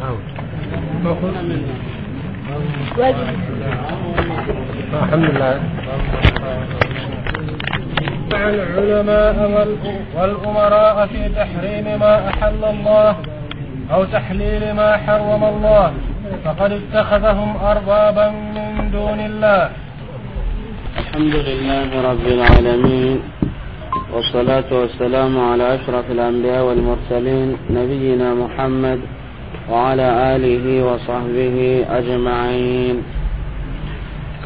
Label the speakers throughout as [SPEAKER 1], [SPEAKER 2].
[SPEAKER 1] الحمد لله
[SPEAKER 2] العلماء والأمراء في تحريم ما أحل الله أو تحليل ما حرم الله فقد اتخذهم أربابا من دون الله
[SPEAKER 3] الحمد لله رب العالمين والصلاة والسلام على أشرف الأنبياء والمرسلين نبينا محمد وعلى آله وصحبه أجمعين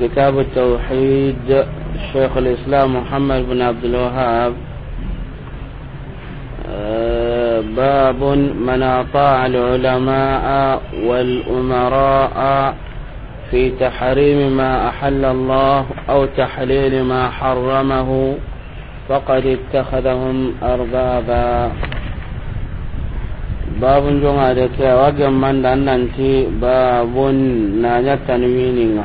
[SPEAKER 3] كتاب التوحيد شيخ الإسلام محمد بن عبد الوهاب آه، باب من أطاع العلماء والأمراء في تحريم ما أحل الله أو تحليل ما حرمه فقد اتخذهم أربابا babun jonga da ke wagen man da ti babun na nya tanwininga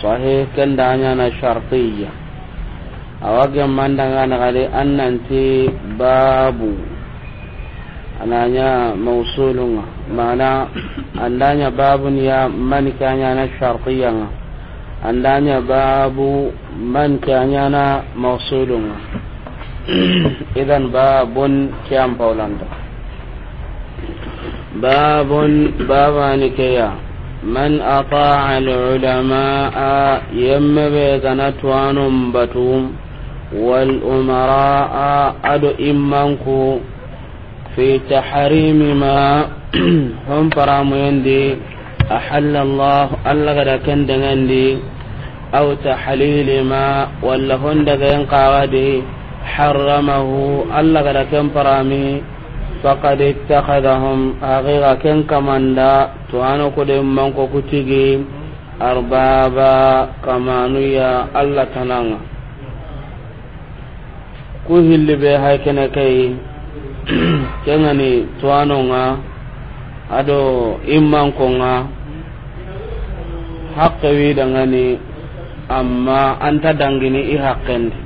[SPEAKER 3] sahih kan da nya na shartiyya a wagen man da na gare an nanti babu ananya mausulunga mana andanya babun ya man kanya na shartiyya andanya babu man kanya na mausulunga idan babun kiyam paulanda باب بابا نكيا من أطاع العلماء يم بيغنا توانم بتوم والأمراء أدو إمانكو في تحريم ما هم فرامو يندي أحل الله ألا غدا كندغندي أو تحليل ما ولا هندغين قاودي حرمه ألا غدا كن فرامي فقد اتخذهم aqiqa كن كماندا توانو ano ko de manko كمانويا الله kamanu ya allah ku hilli be hay nga ado imman ko nga haqqe wi dangani amma anta dangini i haqqendi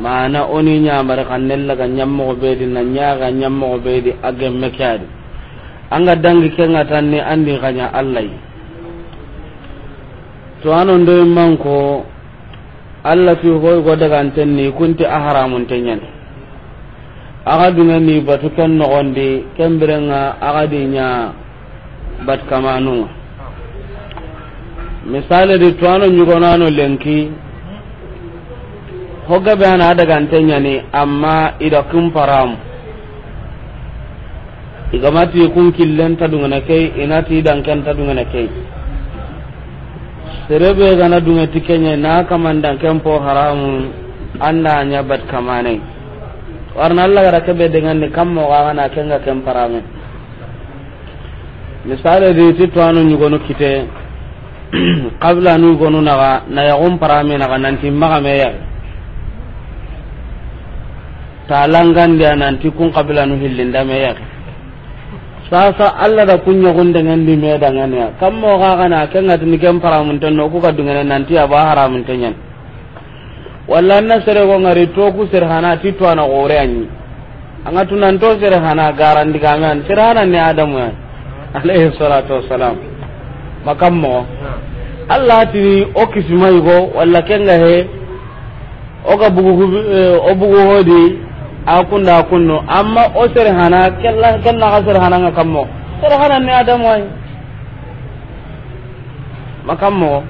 [SPEAKER 3] mana oni ñamare xa nellaga ñammoxo ɓeedi na ñaaga ñammoxo ɓeedi a gemme ke adi anga dangi kenga tan ni andi xaña allahyi to ano ndoy manko allah fi hoy go daganten ni kunti a haramunte ñani axa duna ni batu ken noxondi ken mbirenga axa di ña bat kamanunga misale di to ano ñugonano lenki hogga be ana daga ante nyani amma ida kun param iga mati kun killen ta dunga na kai ina ti dan kan ta dunga na kai serebe ga na dunga ti kenya na kaman dan kan po haram anna nya bat kamane warna Allah ga rakabe dengan ni kam mo ga na kan ga kan param misale di ti to anu nyugo no kite qabla nu gonu na ga na ya gum parame na ga nan timma ga me ya dia nanti kun kabilanu hillindameya sasa allah da kunya gunda ngandi me da ngania kammo ga kana kan ngat ni kan para mun tanno ku kadunga nanti aba haramun tanyan walla na sere ko ngari to ku sere hana ti to na gore anyi anga tunan to sere hana garan di ngan sere hana ne adamu ya alaihi salatu wassalam mo allah ti o kismai go walla kenga he o ga bugu eh, o bugu hodi akunda kunno amma o sere hana kella kella ga sere hana mo sere hana ne adam wai mo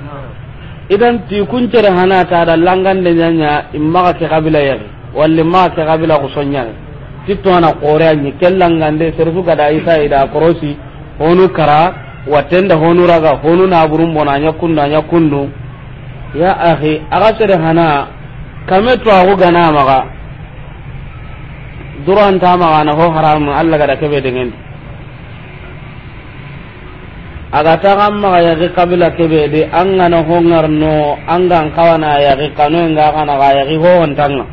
[SPEAKER 3] idan ti kun sere hana ta da langan da nyanya imma ka kabila ya walli ma ka kabila ku sonya ti to na qore ni kella ngande sere su gada isa ida korosi honu kara watenda honu raga honu na burum bonanya kunna nya kunnu ya akhi aga sere hana kame to agu gana maga duran ta ma na ho haram Allah ga da kebe dengan aga ta gamma ya ga kabila kebe de an no ho ngarno an ga kawana ya ga kanu ga kana ga ya ho tanga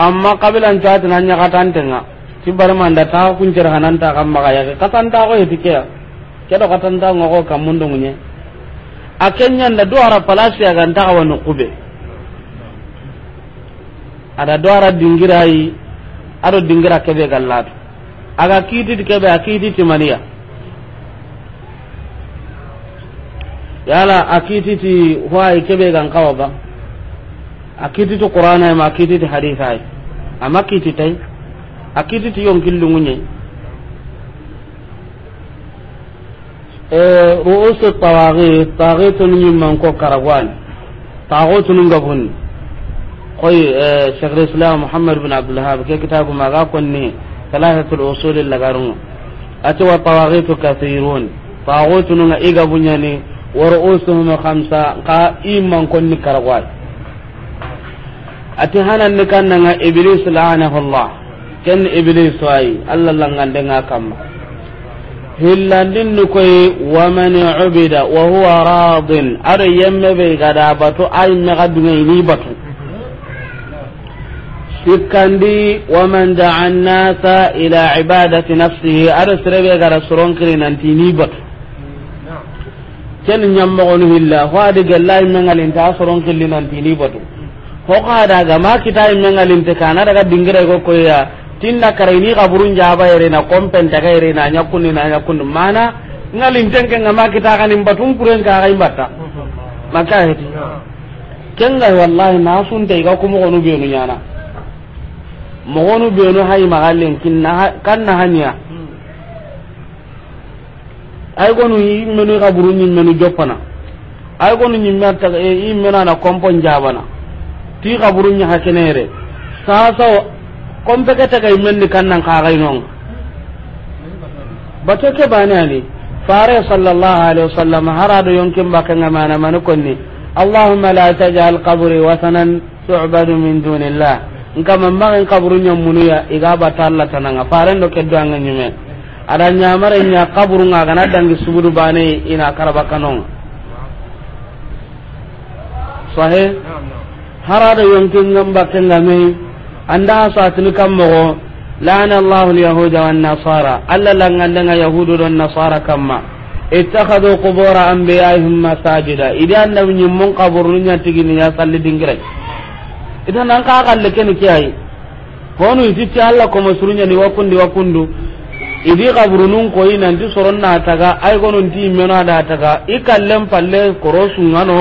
[SPEAKER 3] amma kabilan ta tan nya ka tan tanga ti ma da ta kun jar hanan ta gamma ya ga katan ta ko yitike kedo katan ta ngo ko kamundo munye akenya nda duara palasi aga nda wono nukube ada do ara dingirai ado dingira kebe gallatu aga kiti kebe akiti timaniya yala akiti ti huwa kebe gan kawa ba akiti to qur'ana ma akiti ti haditha ai amma kiti tai akiti ti yon killungunye e, ru'usu tawaghi tawaghi tunun man ko karagwan tawaghi tunun gabun koy eh, shaykh islam muhammad bin abdul wahhab ke kitabu ma ga konni thalathatul usul lagarun ati wa tawaghitu kathirun tawaghutun nga iga bunyani wa ru'usuhum khamsa ka iman konni karwai ati hana ni kannanga iblis la'ana allah ken iblis wai allah langandenga kamma kama. ni koy wa man ubida wa huwa radin ar yemme be gada batu ay me gadunga ni batu sikkandi waman da'a nasa ila ibadati nafsihi ado sirebe gara soronkiri nanti ni batu ken ñammogonu hilla ho adi gellayi mengalinte a soronkilli nanti ni batu hoka daga ma kitayi mengalinte kana daga dingire ko koya tinda kare ni kaburu jaba yere na kompenta ga yere na nyakunni na nyakunni mana ngalinten kenga ma kita kanin batun puren ka ga ta maka heti kenga wallahi na sunte ga kuma gonu be nyana mogonu benu hay magallen kinna kanna hanya ay gonu yimmenu kaburu nyimmenu joppana ay gonu nyimme ta yimmena e, na kompon jabana ti kaburu nya hakenere sasa kompe kata ga immenni kannan ka ga non bato ke banani fare sallallahu alaihi wasallam harado yonkin bakanga mana man konni allahumma la taj'al qabri wasanan tu'badu min dunillah nka mamma nka buru nyamunu ya iga bata Allah tananga faran do keddo anga nyime ada nyamare nya kaburu nga kana dangi subudu bane ina karaba kanon sahe harada yonkin ngamba kenga me anda saatini kammo la'ana Allah al-yahuda wan nasara alla langandanga yahudu don nasara kamma ittakhadhu qubur anbiya'ihim masajida idan nabi nyimmon qaburun nya tigini ya salli dingirai idan an ka galle ken kiyai honu ti Allah ko masurunya ni wakundi wakundu idi kaburunun ko ina ndi soron na taga ay gono ndi meno da taga ikallem palle korosu ngano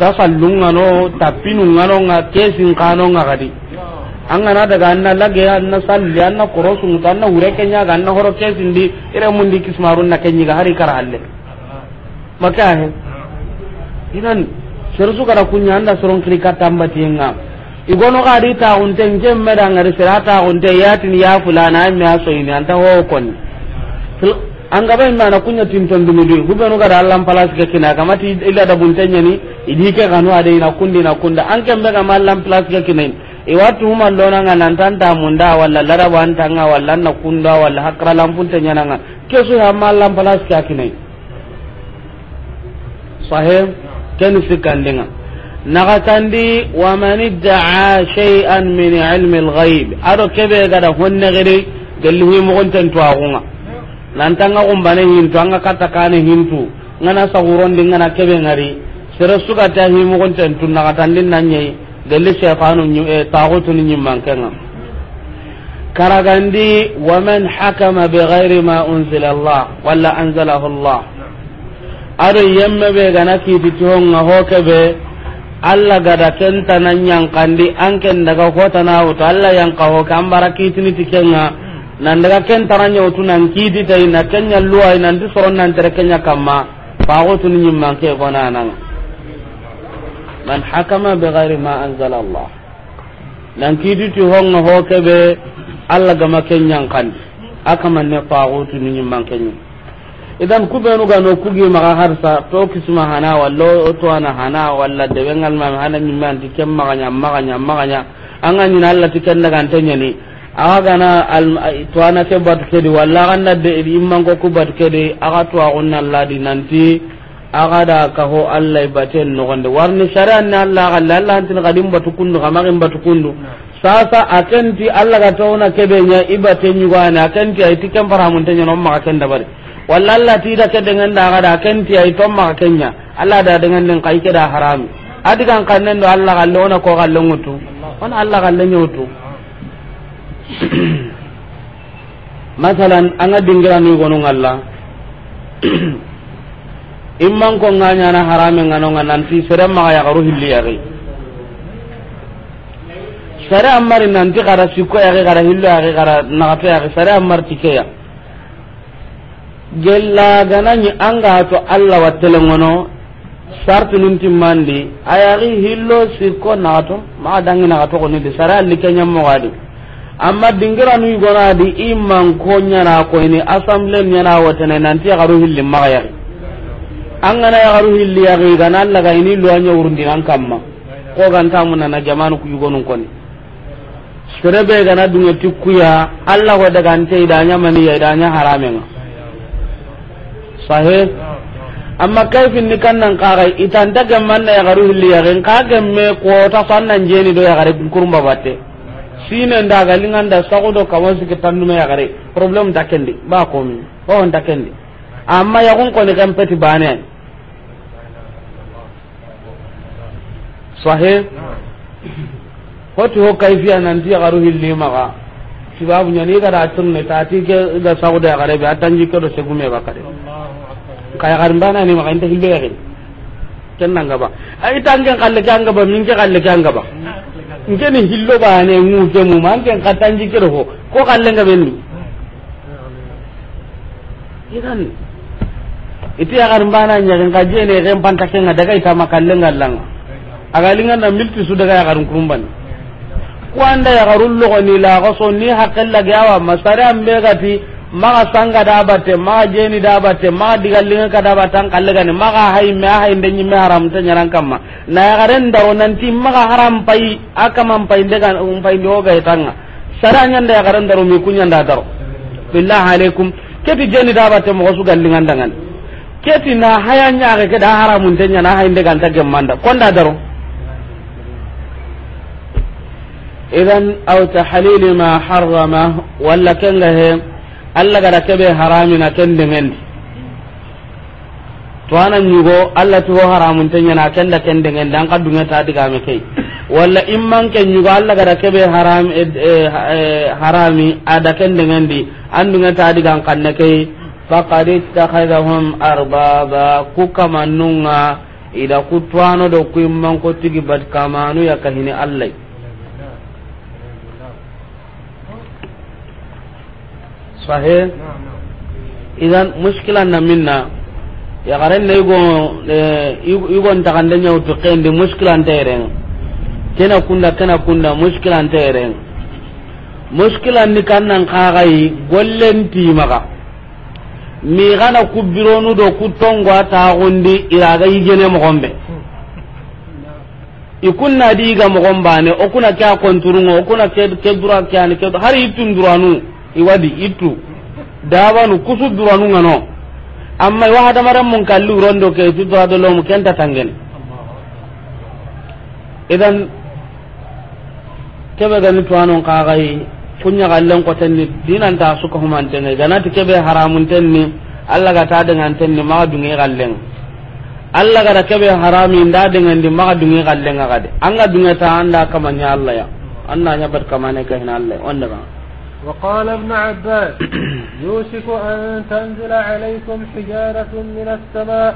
[SPEAKER 3] sallu ngano pinu ngano nga kesin kano nga kadi angana daga anna lage anna salli anna korosu ngata anna hure kenya ga anna horo kesin di ire mundi kismarun na kenyi ga hari kara halle maka ahe idan sirsu kada kunya anda kiri kri katamba tinga igono gari ta unte ngem meda ngari sira ta unte yatin ya fulana mi aso ini anta ho kon anga be mana kunya tinton dum du gubeno gara Allah palas ke kina kamati illa da buntenya ni idike kanu ade ina kundi na kunda anke be ga mallam palas ke kina e watu huma lona nga nantan ta munda walla lara wan tanga walla na kunda walla hakra lampun tenya nga su ha mallam palas ke kina sahib ken sikandinga nagatandi waman iddaa shay'an min ilmi alghayb ado kebe gada honne gede gallihi mogonten twaxunga nantanga xumbane hintu anga kattakane hintu ngana sahurondi ngana kebe ngari sere sugata himogonten tu nagatandi nanyei galli shaytanu taxutuni ñimmankenga karagandi waman hakama bigayri ma unzila allah walla anzalahu allah ado yemme be gana kiti kiititihonga ho kebe Allah gada kenta nan yankandi an ken daga kota na wuto Allah yanka ho kan bara kitini tikenga nan daga ken taranya wuto nan kidi tai na kenya luwa ina di soron nan tere kenya kama fago tun ni man ke gona nan man hakama bi ghairi ma anzala allah nan kidi ti honno ho kebe alla gama kenya yankandi aka man ne fago tun ni man kenya idan kubenu ga no kugi maga harsa to kisma hana wallo to ana hana walla de bengal ma hana min man di kem maganya maganya maganya anga ni Allah ti kenda kan tanya ni aga na to ana ke bat ke di walla ganna na de imman ko ku bat ke di aga to agunna Allah di nanti aga da ka ho Allah baten no gonde warni sharan na Allah Allah Allah tin gadim batukundu kamagin batukundu sasa akenti Allah ga tauna kebe nya ibaten yugo akenti akanti ai ti kam faramun tanya no maka kenda da bari walla allah da ke da ga da ken ti ay tomma kenya allah da dengan den kai ke da harami adigan kannen do allah galle ona ko galle ngutu on allah galle nyutu masalan anga dingira ni gonu ngalla imman ko nganya na harame ngano nganan ti sere ma ya garu hilli ya gai sere ammar nan ti gara sikko ya gara hillo ya gara na to ya sere ammar tikeya gella ganani anga to alla ngono sartu num timmandi ayari hillo sirko nato ma dangina to ko ni de sara alli kanyam mo wadi amma dingira nu gona di imman ko nyana ko ni assembly nyana watane nanti garu hilli ma ya an gana ya garu hilli ya ga gana alla ga ini lo anya urundi an kamma ko ganta mun na jamanu ku yugonun koni sere be gana dunga tikkuya alla ko daga ante idanya mani ya idanya haramenga sahih amma kaifin ni kannan kaga itan daga manna ya garu hilli ya gen kaga me ko ta sannan jeni do ya gare kurumba batte sine ndaga linganda sagodo kawansi ke tandume ya gare problem da kendi ba komi ko on da kendi amma ya gon ko ni kan peti bane sahe hoti ho kayfiya nan ti ya garu hilli maga sibabu nyani ga da tunne ta ti ga sagodo da gare bi atanji ko do segume ba kare kaya garin bana ne maka ta hilbe yakin kenna ngaba ai tangen kalle kanga ba minge kalle kanga ba nge ni hillo ba ne mu ke mu man ken katanji kiro ho ko kalle ngabe ni idan iti yagar bana nya kan kaje ne kan panta ken daga ita makalle ngallan aga lingan na milti su daga yagar kurumban ko anda yagarul lo ni la so ni hakalla gawa masare ambe gati maga sanga da batte maga jeni da batte maga digallinga ka da batan kallagani maga hay me hay de nyi me haram ta nyaran kamma na ya garen daro nanti maga haram pai aka man pai de kan um pai do ga tanga saranya da ya garen daro mi kunya da daro billahi alaikum keti jeni da batte mo su gallinga dangan keti na haya nya ga da haramun de nyana hay de kan ta kon konda daro idan aw tahlil ma harrama walla kanga he allah gada harami na ken dengendi to ana ñugo allah tiho haramunte ñana kenda ken dengendi an ka diga me kai walla imman immanke ñugo allah gada keɓe haram eh, eh, eh, harami ada ken dengendi an dunga ta dungeta digan kanne key faqad ittakhadahum arbaba ku kamannunga ida ku twano do ku ko tigi bad kamanu yakahini allah sahih idan mushkilan na minna ya garen na igo igo eh, ntagande nyaw to kende mushkilan tayren kena kunda kena kunda mushkilan tayren mushkilan ni kannan kagai gollen ti maga mi gana kubironu do kutongo ta gundi iraga yigene mo gombe ikunna diga mo gombane okuna kya konturungo okuna ke ke dura kya ni ke har itun duranu iwadi itu dabanu kusu duranu ngano amma iwa hada maram mun kallu rondo ke tu do do mu kenta tangen idan kebe gani tuwanon kagai kunya gallen ni dinan ta suka gana ganati kebe haramun tenni Allah ga ta dengan tenni ma dungi gallen Allah ga kebe harami nda dengan di ma dungi gallen ga de anga dunga ta anda kamanya Allah ya anna nya bar kamane kahina Allah onda
[SPEAKER 2] وقال ابن عباس يوشك أن تنزل عليكم حجارة من السماء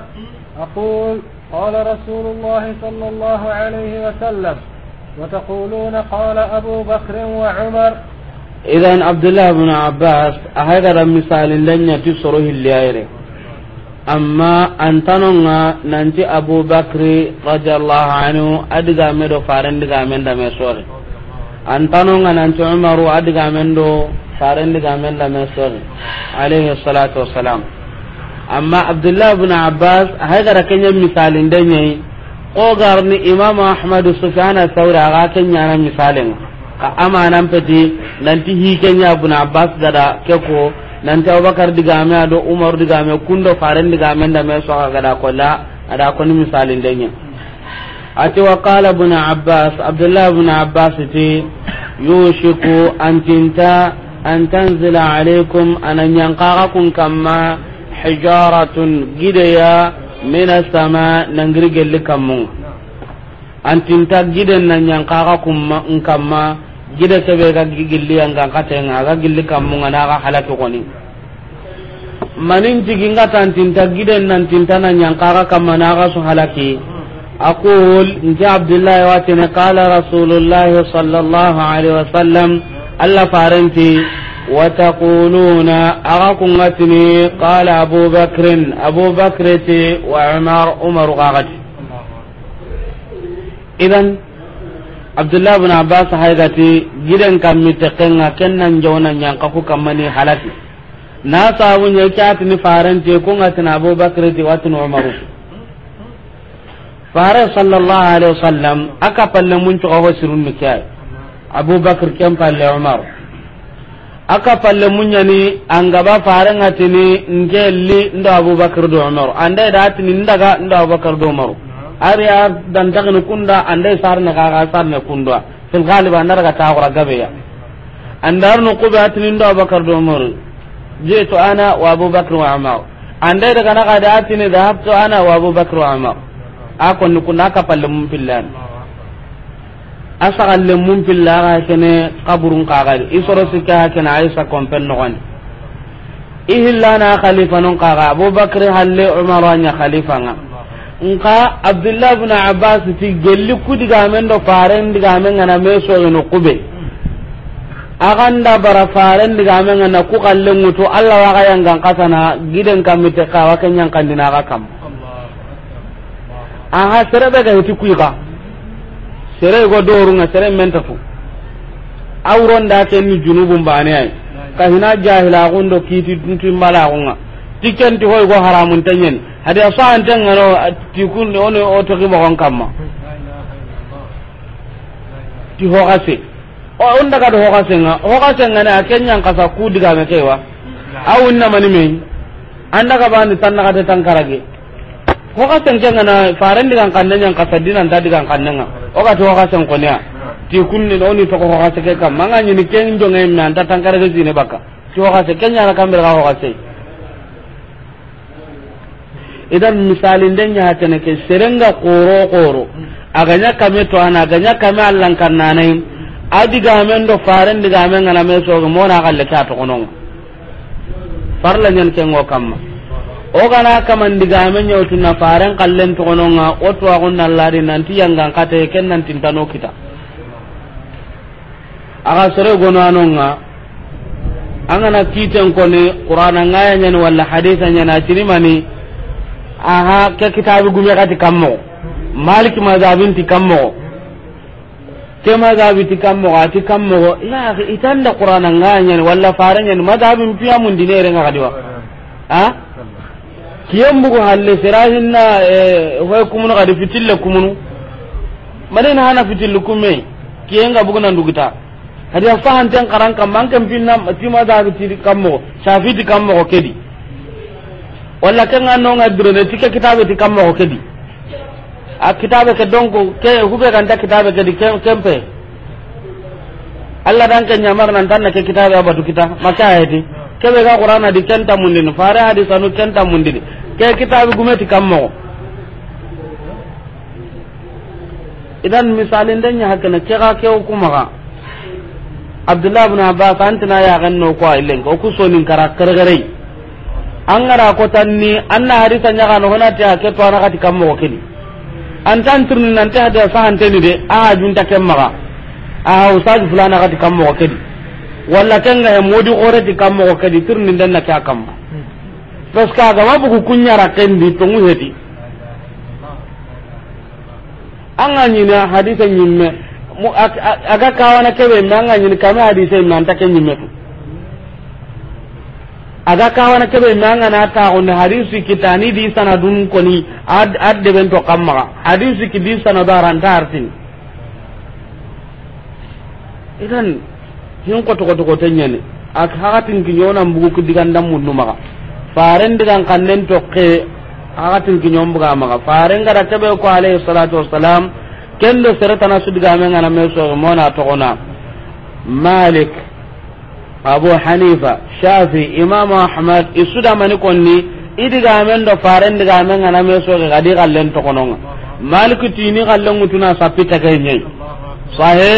[SPEAKER 2] أقول قال رسول الله صلى الله عليه وسلم وتقولون قال أبو بكر وعمر
[SPEAKER 3] إذا عبد الله بن عباس أهذا مثال لن يتسره الليل ننتي أبو بكر رضي الله عنه أدقى faren دقى من sore antano nga nanti umaru adiga mendo faren diga menda mesori alayhi salatu wassalam amma abdullah ibn abbas hagara rakenya misalin danye ko garni imam ahmad sufyan thawri aga kenya na misalin ka amanan peti nanti hi kenya ibn abbas gada keko nanti abubakar digame ado umar digame kundo faren diga menda meso gada kola ada koni misalin danye ati wa qala ibn abbas abdullah ibn abbas ti yushiku an tinta an tanzila alaykum an yanqaqa kun kamma hijaratun gidaya min as-sama nangri gelli kammu an tinta gidan nan yanqaqakum kun gida sebe ga gilli an ga katenga ga gilli kammu ngana ga halatu koni manin jigi ngata tinta gidan nan tinta nan yanqaqa kamma na ga su halaki أقول جاء عبد الله واتنا قال رسول الله صلى الله عليه وسلم ألا فارنتي وتقولون أراكم أتني قال أبو بكر أبو بكر وعمر عمر غاغت إذن عبد الله بن عباس حيثتي جدا كم متقنا كنا نجونا نيانقفو كمني حلتي ناسا ونيكاتني فارنتي كنتنا أبو بكر واتنا عمر fare sallallahu alaihi wasallam aka palle mun ci ho sirun ni kai abubakar kem palle umar aka palle mun yani an gaba fare ngati ni ngelli nda abubakar do umar ande da atini ndaga nda abubakar do umar ari ya dan daga kunda sar na ga ga sarna kunda fil galiba andar ga tawra gabe ya andar no kuba atini nda abubakar do umar je to ana wa abubakar wa umar ande daga na ga da atini da habto ana wa abubakar wa umar a konni kunda ka palle mun pillan a sagalle mun pilla ka kene kaburun kaga i soro sikke ha kene aisha kompen nogondi i hillana khalifa non kaga abubakar halle umar anya khalifa nga nka abdullah bnu abbas ti gelli ku men do faren diga men ngana meso yono kube aganda bara faren diga men ku kallen mutu allah wa ga yang kan giden kamite kawa kan yang kan kam aha serebe ga yoti kuiga sere go doru nga sere menta fu awron da ken ni junubum bane ay ka hina jahila gondo kiti dunti mala nga tiken ti hoy go haramun tanyen hade asan tan ngaro kun ne ono o to gibo gon kamma ti ho gase o on daga do ho gase nga ho gase nga na kenyan kasa ku diga me kewa awun na mani me anda ka bani tan na ka tan karage ko ka sen kenga na faran diga kanne nyang ka sadina nda diga kanne nga o ka to ka sen konya ti kunni no ni to ko ka ke ka manga ni ni ken jo ngai na ta tangkare ga zine baka ti o ka se kenya na kambe ka o ka idan misali den nya hatene ke serenga koro koro aganya kame to ana aganya kame allan kannanai adiga men do faran diga men ngana me so mo na galle ta to kono farla nyen ken o kamma o gana kaman diga men kamandigame ñewtuna faran kallen to to o agon togononga wo tuwagunnalladi nanti yangan kate ken nan tin tano kita aga sore gono gonanonga angana kiten ko koni qur'ana ngaya ñani walla hadisa ñani acinimani aha ke kitabi gume kati kammo malik ti kammo ke ti kammo ati kammo yaahi itanda qur'ana ngaya ñani walla fare ñani mazabin piyamundinerenga kadiwa ha kiyam bugu halle sirahin na e, hoy kumunu kadi fitille kumunu na hana fitille kumme kiyen ga bugu nan dugita hadi fa hanten karan kam man kan finna tima da ga tiri kammo shafi di kammo kedi walla kan an no ngadre ne tike kitabe di kammo kedi a kitabe ke donko ke hube kan ta kitabe ke di kempe Allah dan kan nyamar nan tan ke kitabe abatu kita maka ayati kebe ga qur'ana di kenta mundin fare hadisa nu kenta mundin ke kitabu gumeti kammo idan misalin dan ya hakana ke ga ke hukuma ga abdullah ibn abbas antina ya ganno ko ailen ko kusonin kara gare an gara ko tanni anna hadisa nya gano hona ta ke to ana kati kammo kini an tan tirni nan ta da sahan tani de a junta kemma ga a usaj fulana kati kammo kini wala kanga he modi ore oreti kamma ko kadi ni den na ka kam ka ga parce que aga mabugu kunyara kendi to nguhedi anga na hadisa nyimme aga ka wana ke kebe me anga ka ma hadisa me anta ke nyimme aga ka wana ke me anga na ta on hadisi kitani di sanadun ni ad ad de ben to kam ma hadisi ki di sanadaran artin idan hin ko to ko to ko tenyani ak hakatin kinyona mbugu kidigan dam munnu maka faren digan kanen to ke hakatin kinyon buga maka faren gara tabe ko alayhi salatu wassalam kendo seretana diga men ngana me so mona to ona malik abu hanifa shafi imam ahmad isuda mani konni idiga men do faren diga men ngana me so gadi galen gallen to kononga malik tini galen mutuna sapita kay nyai sahe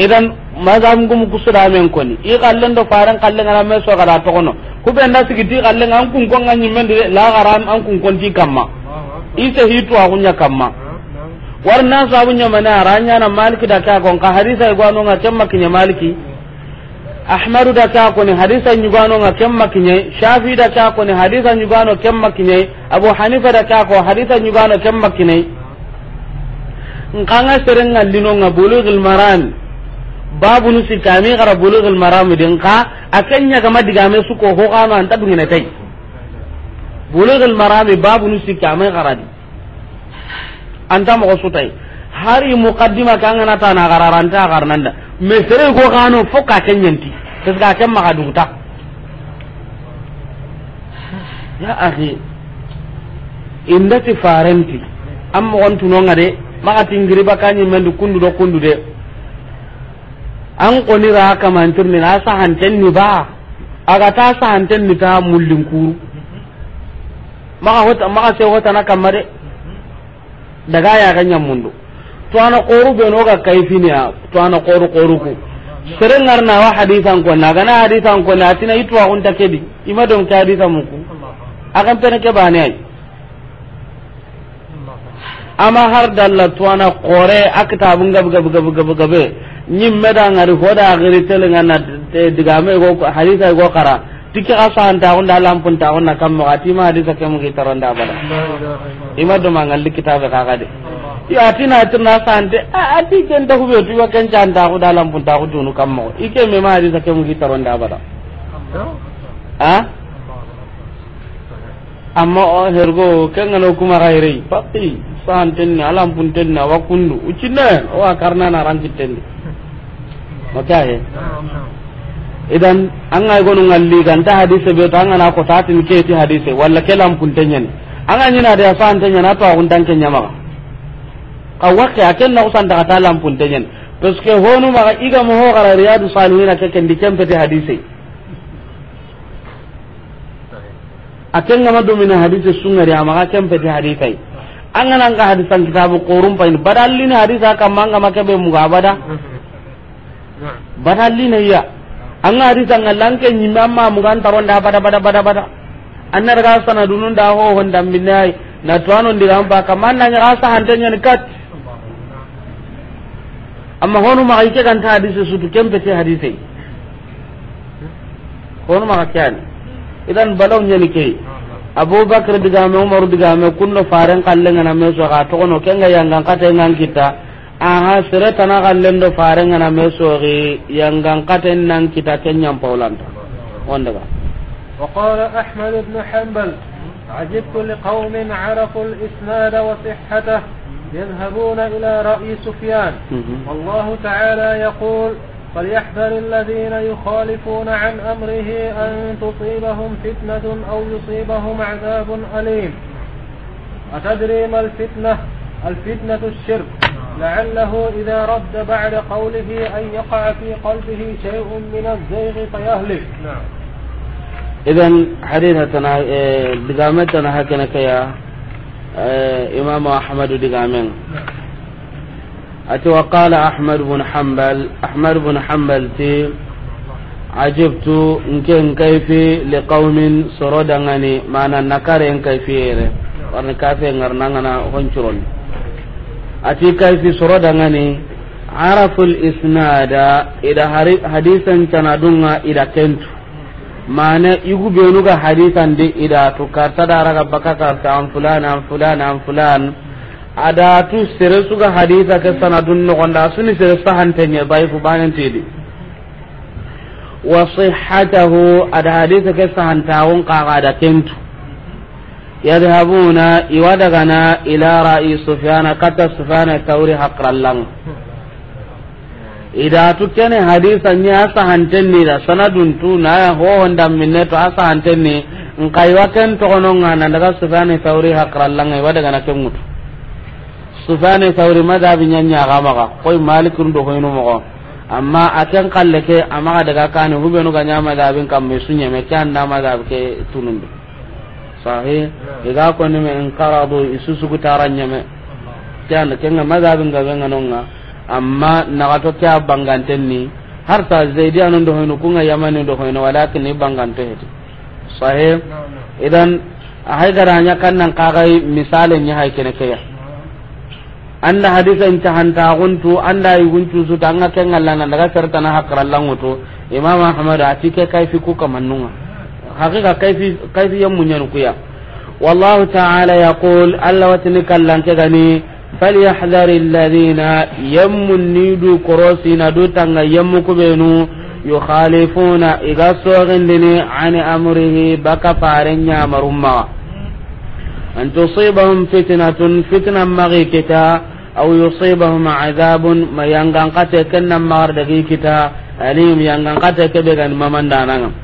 [SPEAKER 3] idan mazam gum kusura men koni i kallen do faran kallen ngara me so gara to kono ku be nda sigiti kallen an kun kon nganyi men de la garam an kun kon ti kamma i se hitu agunya kamma warna sabu nya mana aranya na maliki da ka gon ka hadisa gwanu nga temma kinya maliki ahmaru da ka ni hadisa nyugano nga kemma kinye shafi da ka ni hadisa nyugano kemma kinye abu hanifa da ka ko hadisa nyugano kemma kinye nkanga serenga lino nga bulughul maram babu nu kami gara bulughul maram din ka akanya gama digame su ko ho kana anta dungina kai bulughul maram babu nu kami gara di anta mo ko tai hari muqaddima kan na ta na gararanta garnanda me sere ko kano foka kenyanti kaga kan maka duta ya akhi indati farenti amma on tunonga ngade maka tingiri bakani mendu kundu do kundu de an koni ra kamantir ni na sahanten ni ba aga ta sahanten ni ta mullin kuru maka hota maka se hota na kamare daga ya ganya mundu to ana koru be no ga kaifiniya to ana koru koru ku serengar na wa hadithan ko na gana hadithan ko na tina itu wa ta kedi ima don ka hadithan muku akan pene ke bane ai amma har dalla to ana kore akta bun gab gab gab ñimme da ngari hoda giri telenga na digame go hadisa go kara tiki asa anta on da lampun ta on na kam ma atima kam gi taranda bala ima do mangal likitabe ka kade ya tina tina sante ati ken da hube wa ken janda ko da lampun ta ko tunu kam mo ike me ma hadisa kam gi taranda bala ha amma o hergo ken ngano kuma gairi faqi santen ni alampun ten na wakundu ucinne o akarna na rankiten okay idan an ga gonun alli kan ta hadisi be to an ga na ko ta tin ke ti hadisi walla kelam kun tanyen an ga nyina da fa tanya na to kun tanken nyama ka wakke aken na usan da ta lam kun tanyen to ske honu ma iga mo ho gara riyadu salihin ka ken di kempe ti hadisi aken ga min hadisi sungari ama ka kempe ti hadisi an ga nan ga hadisan kitabu qorun pa in badalli ni hadisa kamanga make be mu ga bada mhm. batalli ne ya anga ri tanga lanke nyimbe amma mugan taron da bada bada bada bada anna daga sana dunun da ho honda minai na tuano ndiram pa kamanna ngara sa hantenya ni kat amma honu ma ike kan ta hadisi su tu kempe te hadisi honu ma kyan idan balaw nyani abu Bakar diga me umar diga me kunno faran kallenga na me so ga to kono kenga yanga kata yangan kita aha sere tana gallen do farenga na mesogi yangan katen nan kita kenyam paulanta on daga
[SPEAKER 2] وقال أحمد بن حنبل عجبت لقوم عرفوا الإسناد وصحته يذهبون إلى رأي سفيان والله تعالى يقول فليحذر الذين يخالفون عن أمره أن تصيبهم فتنة أو يصيبهم عذاب أليم أتدري ما الفتنة الفتنة الشرك لعله إذا رد بعد قوله أن يقع في قلبه شيء من الزيغ فيهلك نعم
[SPEAKER 3] إذا حديثتنا إيه، دقامتنا هكذا كيا إيه، إمام أحمد دقامين نعم. أتي قال أحمد بن حنبل أحمد بن حنبل تي عجبت إن كيف لقوم سرودغني معنى نكار إن كيف يري نعم. ورن كافي نغرنغنا هنشرون ati kayfi ni araful isnada ida hadisan canadunga ida kentu mana igu benuga hadisan de idatu karta daraga baka karta an fulan an fulan an fulan adatu sere suga hadisa ke sanadun nogonda suni sere sahantenye daifu banentidi wa sihatahu ada hadisa ke sahantawun kaga ada kentu يذهبون يودغنا إلى رأي سفيان قد سفيان الثوري حقر الله إذا تكن حديثا يا سهنتني لا سند تونا هو هندم منه تو سهنتني in kaiwa ken togononga na daga sufane sauri hakrallanga wa daga na ken mutu sufane sauri madhabi nyanya ga maga koy malikun do hoyno mo amma akan kalle ke amma daga kanu hubenu ga nyama madhabin kam me me kan na madhab ke tunundu sahih iga ko ni men qaradu isusu gutaranya me tan kenga amma na to kya banganten ni har ta zaidi anon do hono kunga yamani do hono walakin ni bangante hedi sahih idan hay garanya kan nan kagai misalen ya hay kene kaya anda hadisa inta hanta guntu anda yi guntu su tanga kenga lana daga sertana hakrallangutu imam ahmad atike kai fi ku kamannunga hakika kaifi kaifi yan munyan kuya wallahu ta'ala yaqul alla watni kallan ke gani falyahdhar alladhina yamunidu korosina do tanga yammu kubenu yukhalifuna iga sogindini ani amrihi baka faren yamarumma an tusibahum fitnatun fitna magi kita aw yusibahum adhabun mayangan kate kenna magar dagi kita alim yangan kate kebe gan mamandananga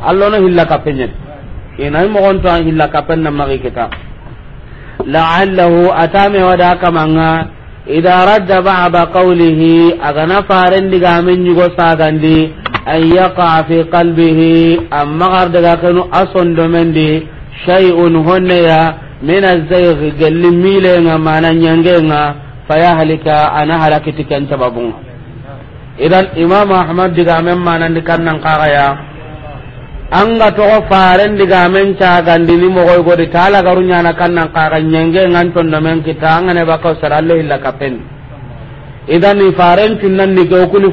[SPEAKER 3] allono hilla kapenyen ina mo gon to hilla kapen na magi kita la'allahu atame wada kamanga idha radda ba'da qawlihi agana faren diga men yugo sagandi an yaqa fi qalbihi amma gardaga kanu asondo mendi shay'un honneya min az-zayg galli milenga mana nyangenga fayahlika ana halakiti tababun idan imam ahmad diga men manan kannan qaraya anga togo faren diga men cagandi ni mogoy godi tala garu nyana kannan kaga nyenge ngan na men kita angane baka saralle illa kapen idan ni faren tunnan ni goku ni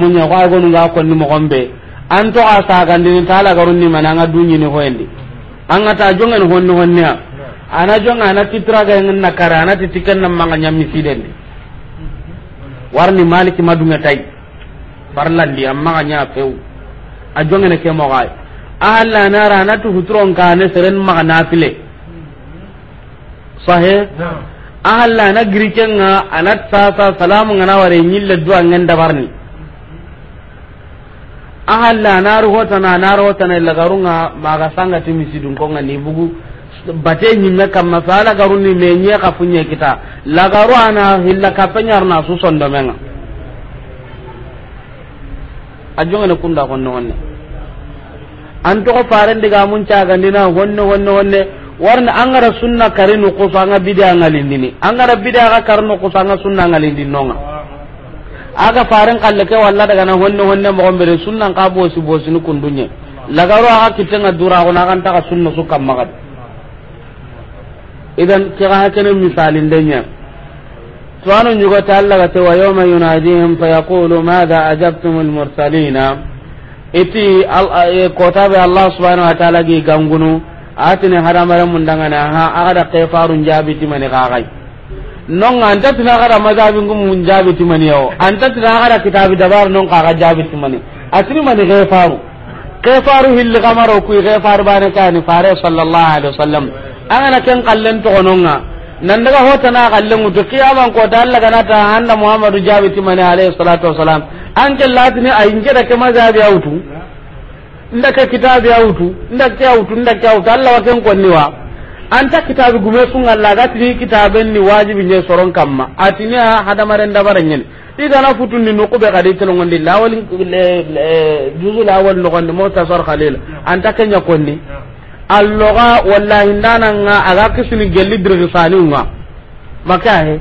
[SPEAKER 3] mun ya ko agonu ga konni mogombe an to a sagandi ni tala garu ni mananga dunyi ni hoendi anga ta jongen honno honnya ana jonga ana titra ga ngin nakara ana titikan nam manga nyammi sidendi warni maliki madunga tai farlandi amma nya feu a jongene ke mogay alla na rana tu hutron ka ne seren ma na file sahe alla na girken nga anat sa sa salamu ngana ware nyille duwa ngenda barni alla na ruhota na na ruhota na la ma maga sanga timisidun ko nga ni bugu bate ñimme kamma fa ala ni me ñe ka funye kita la garu ana hilla ka peñar na su sondomenga a ne kunda kon nonne an to faran diga mun ca dina wonno wonno wonne warna gara sunna karinu ko sanga bid'a an gara bid'a ga karnu ko sanga sunna dini nonga aga faran kalle ke walla daga na wonno wonne mo gombere sunna ka bosi bosi ni kundunye lagaro aga kitenga dura ko na kan ta sunna su kam magad idan kira hakene misalin denya to anu nyugo ta Allah ga te wa yawma yunadihim fa yaqulu madha ajabtumul mursalina iti eh, kotaɓe allah subhanau wa taala gi gangunu atini hadamare mun dangane aha agada kefarun jabitimani kakay non anta tina agada mazhabi ngum mun jabitimani yao anta tina agada kitabi dabar non kaka jabitimani atini mani kefaru kefaru hilli kamaro kui kefaru bane kani fare sallallahu alaihi wasallam angana ken kallen togononga nan nandaga hotana kallen ngutu kiyaman kota allah ganata anda muhammadu jabitimani alayhi salatu wasalam anke latini ay ngeda ke bi autu nda ke kitabi autu nda ke autu nda ke autu Allah wa ken konni wa anta kitabi gume sun Allah ga tini kitaben ni wajibi ne soron kamma atini ha hadamare nda baranyen ida na futun ni nuku be kadi telo ngondi lawal juzu lawal ngondi mutasar khalil anta kenya konni alloga wallahi ndana nga aga kisini gelli dirisani nga makahe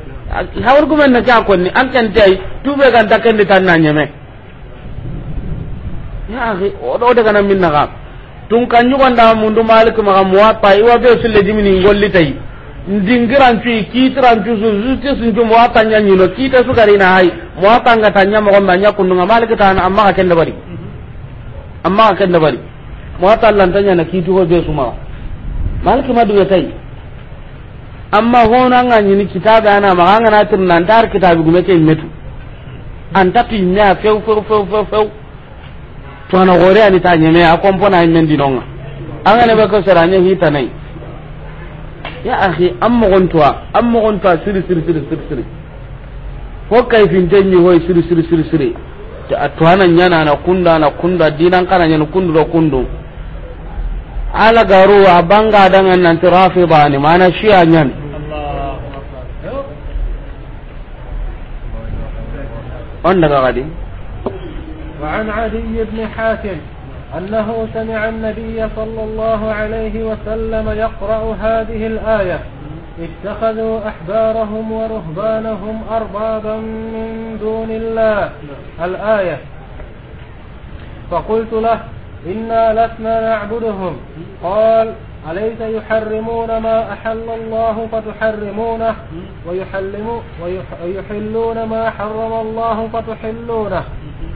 [SPEAKER 3] hawar gumen na kya ni an kan tay tube kan takendi tan na nyeme ya akhi o daga nan min na ga tun kan nyugo nda mundu malik wa muwapa iwa be sulle jimini ngolli tay ndingiran cu kiitiran cu su zuti sun wa muwapa nya ki ta su gari na hay muwapa nga tanya mo gomba nya kununga malik na amma ka kenda bari amma ka kenda bari tan lan nya na tu ko be ma malik ma duwe tay amma hono nga nyini kitabe ana ma anga na tin nan dar kitabe gume ke metu anta pinya few few few few few to na gore ani ta nyeme a kompona men nonga. anga ne be ko seranya hita nai ya akhi amma gontwa amma gontwa siri siri siri siri siri ko kai fin fintenyi hoy siri siri siri siri ta atwana nyana na kunda na kunda dinan kana nyana kundu do kundu ala garu abanga dangan nanti rafida ni mana syiah nyan
[SPEAKER 2] on daga gadi وعن علي بن حاتم أنه سمع النبي صلى الله عليه وسلم يقرأ هذه الآية اتخذوا أحبارهم ورهبانهم أربابا من دون الله الآية فقلت له إنا لسنا نعبدهم قال أليس يحرمون ما أحل الله فتحرمونه ويحلون ما حرم الله فتحلونه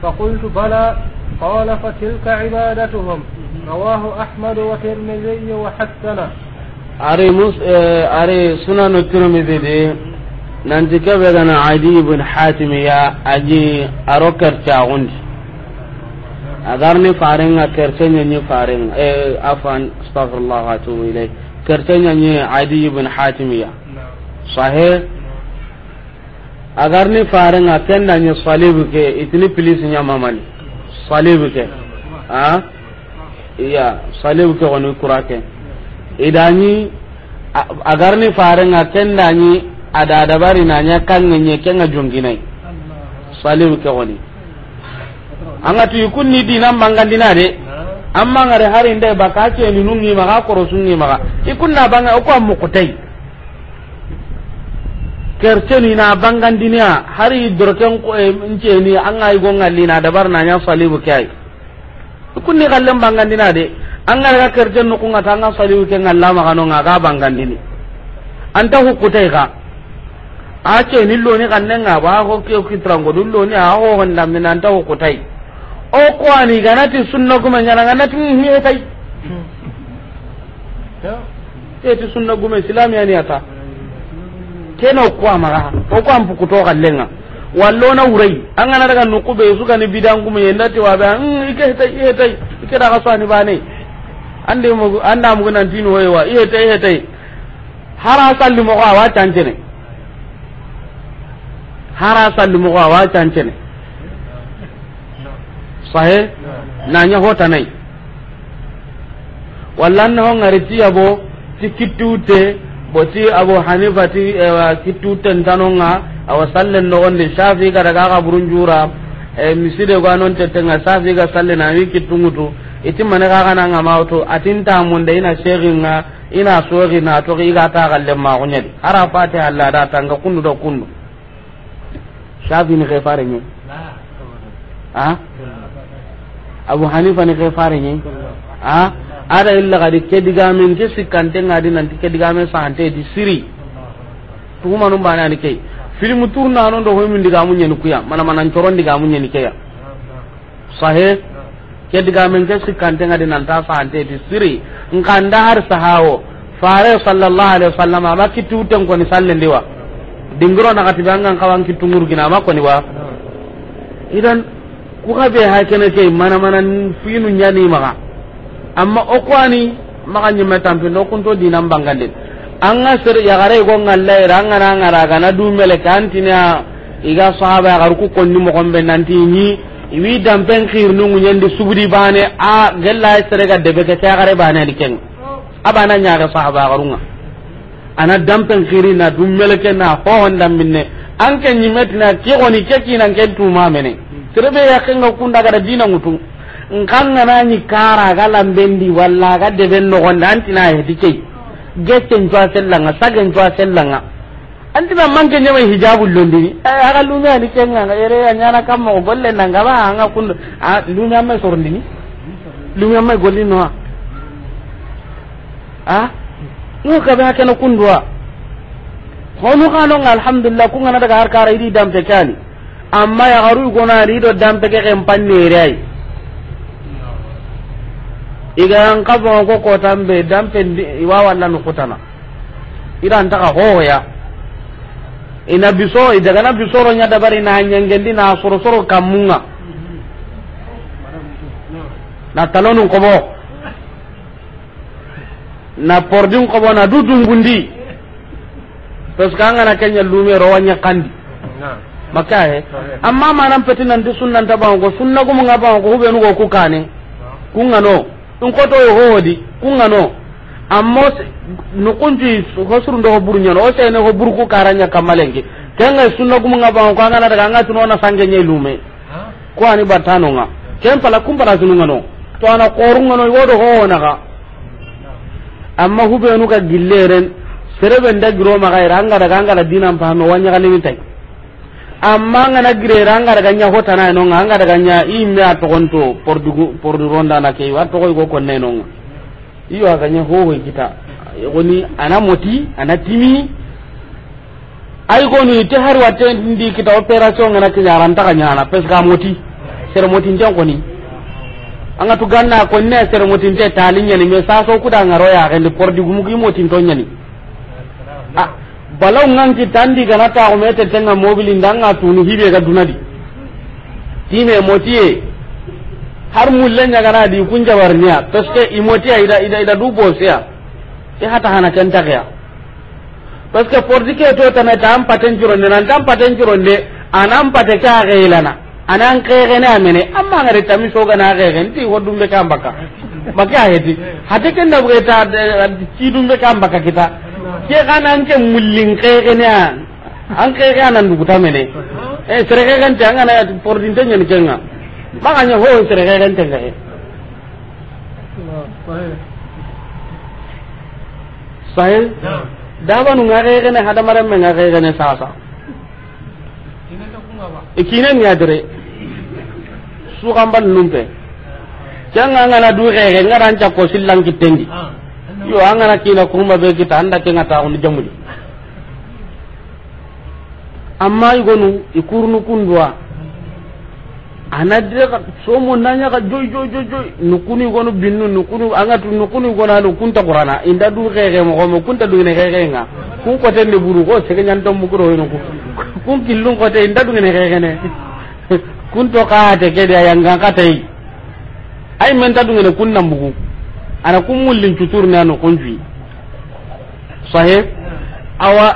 [SPEAKER 2] فقلت بلى قال فتلك عبادتهم رواه أحمد والترمذي وحسنه
[SPEAKER 3] أري مس آه، أري سنن الترمذي دي ننتكب لنا عدي بن حاتم يا أجي أروكر تاغوندي agarni farenga kertenya ni farenga eh afan astaghfirullah wa atubu ilayh kertenya ni adi ibn hatimiya sahih agarni farenga kenda ni salib ke itni pilis nya mamani salib ke ha iya salib ke woni kurake idani agarni farenga kenda ni ada dabari nanya kan nyenye kenga junginai salib ke woni angati kunni dinan bangandina de amma ngare hari nda ba ka ce ni nungi ma ka koro sunni ma ikunna banga ko am ko tay ni na bangandinia hari doroten ko e eh, nce ni an ay go ngalli na dabar na nya salibu kai kunni kallem bangandina de an ngare ka kerce no kunga tanga salibu ken Allah ma no nga ga bangandini anta hukutai ka a ce ni loni kan nan ga ba ko ke kitrango dullo ni a ho honda min anta hukutai o kwani ganati sunna gume nyana ganati hiye e ti sunna gume islam yani ata kena kwa mara o kwa mpuku to kallenga wallo na urai an gana daga nuku bai suka ni bidan gume yanda ti wa ba mm, in ike tai ike tai ike daga swani bane ande mu anda mu nan tinu wa ike tai e tai hara sallu mo wa cancene hara sallu mo wa cancene sahe nanya hotanai walla na hon ngariti yabo ti kittute boti abo hanifa ti eh, kittuten tanonga awa sallen nogonde shafi gara gaga burun jura eh, miside go tete nga shafi ga sallen ami kittungutu iti mane gaga nanga mawto atinta munde ina sheginga ina sogi na to ga ta galle ma kunyadi ara fati alla da tanga kunu da kunu shafi ni ke fare ni ha abu hanifa ni kai fare ne a ada illa gadi ke diga men ke sikante ngadi nan ke diga men sante di siri tuma num bana ni kai film na non do hoymin diga mun nyani kuya mana manan coron diga mun nyani kaya sahe ke diga men ke sikante ngadi nan ta sante di siri ngkanda har sahawo fare sallallahu alaihi wasallam ama kitu ten ko ni sallen diwa dingro na katibangan kawan kitungur ngurgina ma ko ni wa idan ku ga be ha kana ke mana mana finu nyani maga amma o kwani maga nyi metam pin do kunto dinam bangande anga ser ya gare go ngalle ranga na ngara kana du mele kantina iga sahaba ya garu ku konni mo gombe nanti ni iwi dampen khir nu nyandi subudi bane a gella sere ga debe ke ta gare bane diken abana nya ga sahaba garunga ana dampen khiri na du mele ke na ho hon dambinne an ken nyimet na ke goni ke kinan ken ma mene ya kenga kunda gara dina ngutu nkanga nani kara ga mbendi wala ga deben no gonda antina hedi kei getten to asellanga sagen to asellanga antina manke nyama hijabul londini eh aga lunya ni kenga ere anyana kamma na nga ba anga kun ah, lunya me sorndini lunya me goli no ha ah? no ka ba kana kundwa hono kanu alhamdulillah kunga daga harkara hidi idi dampe kani amma yagaru gonari do dampeke ken pannere ay an kabon ko kotan be dampen wa walla nu kutana idan taka hoya ina biso daga na bisoro nya dabari na nyangendi na soro soro kamunga
[SPEAKER 1] na talonu ko kobo
[SPEAKER 3] na pordin kobo na dudun gundi to skanga na kenya lumero wanya kandi nah. maka he amma manan peti nan di sunnan ta bango sunna gumu nga bango hubenu ko ku kane ku ngano in koto yo hodi ku ngano ammo no kunji hosuru ndo buru nyano o sene ko buru ku karanya kamalengi kenga sunna gumu nga bango ka ngana daga ngatu no na sange nye lume ko ani batano nga kempa la kumpala sunu ngano to ana korunga no wodo ho naga amma hubenu ka gilleren sereben da giro maga ira anga daga anga la dinan pahame wanya kalimin tai amma ngana girera anga daga nya hota na no anga daga nya imme atogonto pordugu porduronda na ke wa togoy go konne no iyo aga nya ho ho kita goni ana moti ana timi ay goni te har te ndi kita operation ngana ke yaran ta kanya na pes peska moti ser moti njan goni anga tu ganna ne ser moti nte talinya ni me saso kuda ngaro ya ga ndi pordugu mugi moti to nyani ah balaw ngan ki tandi gana ta o mete tenga mobili danga tunu hibe ga dunadi time motiye har mulle nya gana di kunja warniya paske imotiya ida ida ida du bosea e hata hana canta ya paske pordike to tana tam paten ne nan tam paten ne anam pate ka gailana anan kegene amene amma ngare tami soga na kegen ti wodum be kambaka maka hedi hade ken da buga ta ti eh, dum be kambaka kita ke kana anke mullin kai ne an keke anan duguta mene
[SPEAKER 1] e
[SPEAKER 3] eh, sereke kente an gana yati pordinte ñani kenga maganya ho sereke kente nga ne sahil dabanu nga kekene hadamaremme nga sa. sa ikine ya adre su ban numpe kenga ngana du keke ngaran anca ko sillan kittendi
[SPEAKER 1] ah. yo
[SPEAKER 3] an gana kina kuma be kita anda ke ngata on jamu amma igonu ikurnu kundwa anadre ka somo nanya ka joy joy joy joy nukuni gonu binnu nukuni anga tu nukuni gona lu kunta qurana inda du gege mo gomo kunta du ne gege nga ku ko ten ne buru ko se ganyan tom ko roino ku ku killu ko te inda du ne gege ne kunto ka te ke dia yang ngaka tei ai menta du ne kunna mbugu ana kun mullin cutur ne anu kunfi sahe awa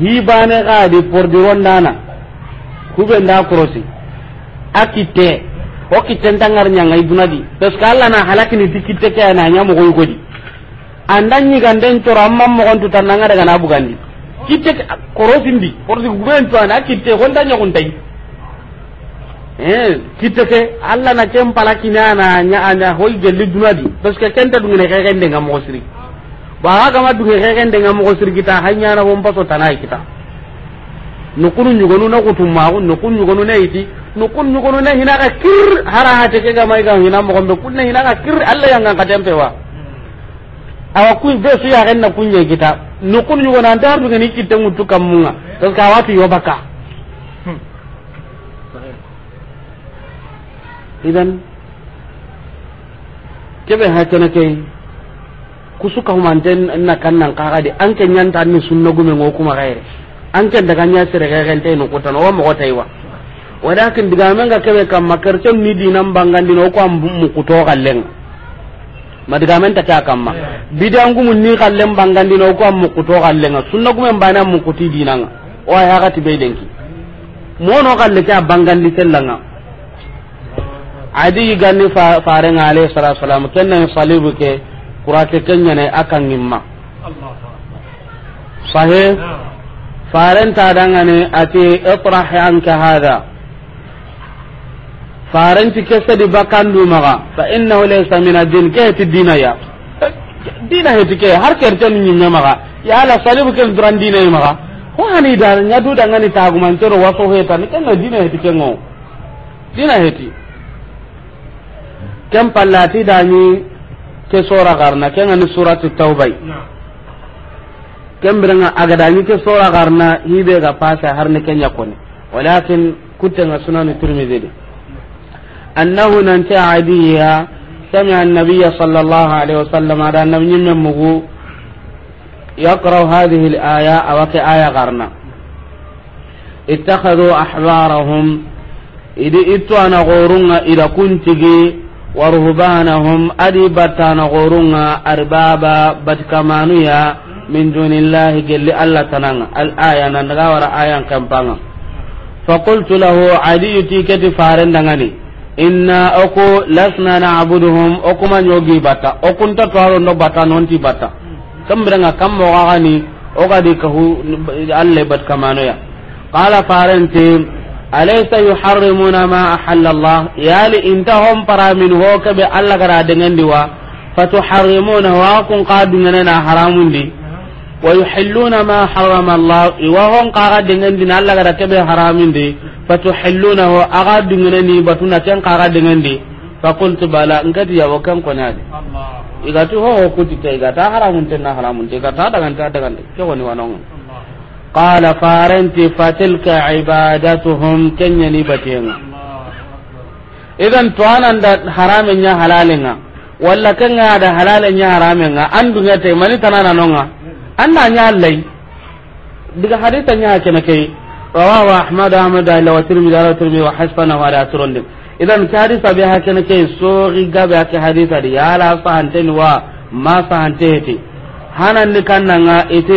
[SPEAKER 3] hi bane gadi pordiron dana kube nda krosi akite o kitten tangar nyanga ibunadi parce que Allah na halakini dikitte ke na nya mo goy godi andan ni ganden to ramma mo gon tutan nanga daga na bugandi kitte korosi ndi pordi guben to ana kitte gonda nya guntai Eh, kitete alla na ken palakina na nya anya hoy gelli dunadi parce que kenta ta ne kay de ngam mosri ba ha gama dungene kegen de ngam mosri kita hanya na hom paso tanai kita nukunu nyugonu na kutumma nukunu nyugonu na iti nukunu nyugonu na hina ka kir hara ha teke gama ga hina mo gombe kunne hina ka kir alla yang ngam katempe wa awa kuy be su ya ren na kunye kita nukunu nyugonu na ndar dungene kitte mutu kamunga parce que awati yobaka idan kebe hatana kai kusu ka humanten na kannan ka di an ken nyanta ni sunna gume ngo kuma gaire an kan daga nya sire ga gante no kota no mo kota iwa wadakin diga men ga kebe kam makarcen ni dinan bangan no ko am mu kuto kallen madiga men ta ta ma bidan gumun ni kallen bangan no ko am mu kuto kallen sunna gume bana mu kuti dinan o ya ga tibe denki mono kalle ta bangandi sellanga adi ganni farenga alayhi salatu wasalam kenna salibu ke kurake kenya ne akan ngimma sahe faren ta danga ne ati itrah anka hada faren ti kessa di bakan du maga fa innahu laysa min ad-din ke ti dinaya dina he ke har ker tan nyimme maga ya la salibu ken duran dinaya maga ko ani dar nya du danga ni taguman tero waso he tan ken no dina he tike ngo dina he ken pallati dañi ke sora garna ke ngani suratu taubai ken aga agadañi ke sora garna hibe ga pase har ni kenya koni walakin kuttenga sunanu tirmidhi di annahu nanti adiya سمع النبي صلى الله عليه وسلم على النبي مغو يقرأ هذه الآية أو آية غرنا اتخذوا أحبارهم إذا إتوا أنا إذا كنت ورهبانهم أدي باتانا غورونغا أربابا باتكامانويا من دون الله جل الله تنان الآية نغاور آية كمبانا فقلت له عدي تيكت فارن دغني إنا أكو لسنا نعبدهم أكو من يوغي باتا أكو انت توارو نو نونتي باتا كم برنغا كم مغاغاني أغادي كهو الله باتكامانويا قال فارن تيم alaysa yuharrimuna ma ahalla Allah yali inta hom para min ho ke be Allah gara dengan diwa fatuharrimuna wa kun qadunga na haramun di wa yuhilluna ma harrama Allah wa hon qara dengan din Allah gara ke be haramin di fatuhilluna wa aga dunga ni batuna ken qara dengan di fa qultu bala ngati ya wakan
[SPEAKER 1] Allah
[SPEAKER 3] igatu ho ho kuti te igata haramun te na haramun te igata dagan ta ke woni ko ni قال فارنت فتلك عبادتهم كنيا نبتين إذا توانا حرام يا حلالنا ولا كان هذا حلال يا حرامنا أندو نتي ماني تنانا نونا أنا يا لي دغ حديثا يا كنكي رواه أحمد أحمد إلا وترمذي إلا وترمذي وحسبنا ولا ترندم إذا كارثة بها كنكي سوغي قبها كحديثة يا لا صحنتين وما صحنتين هانا اللي كان ite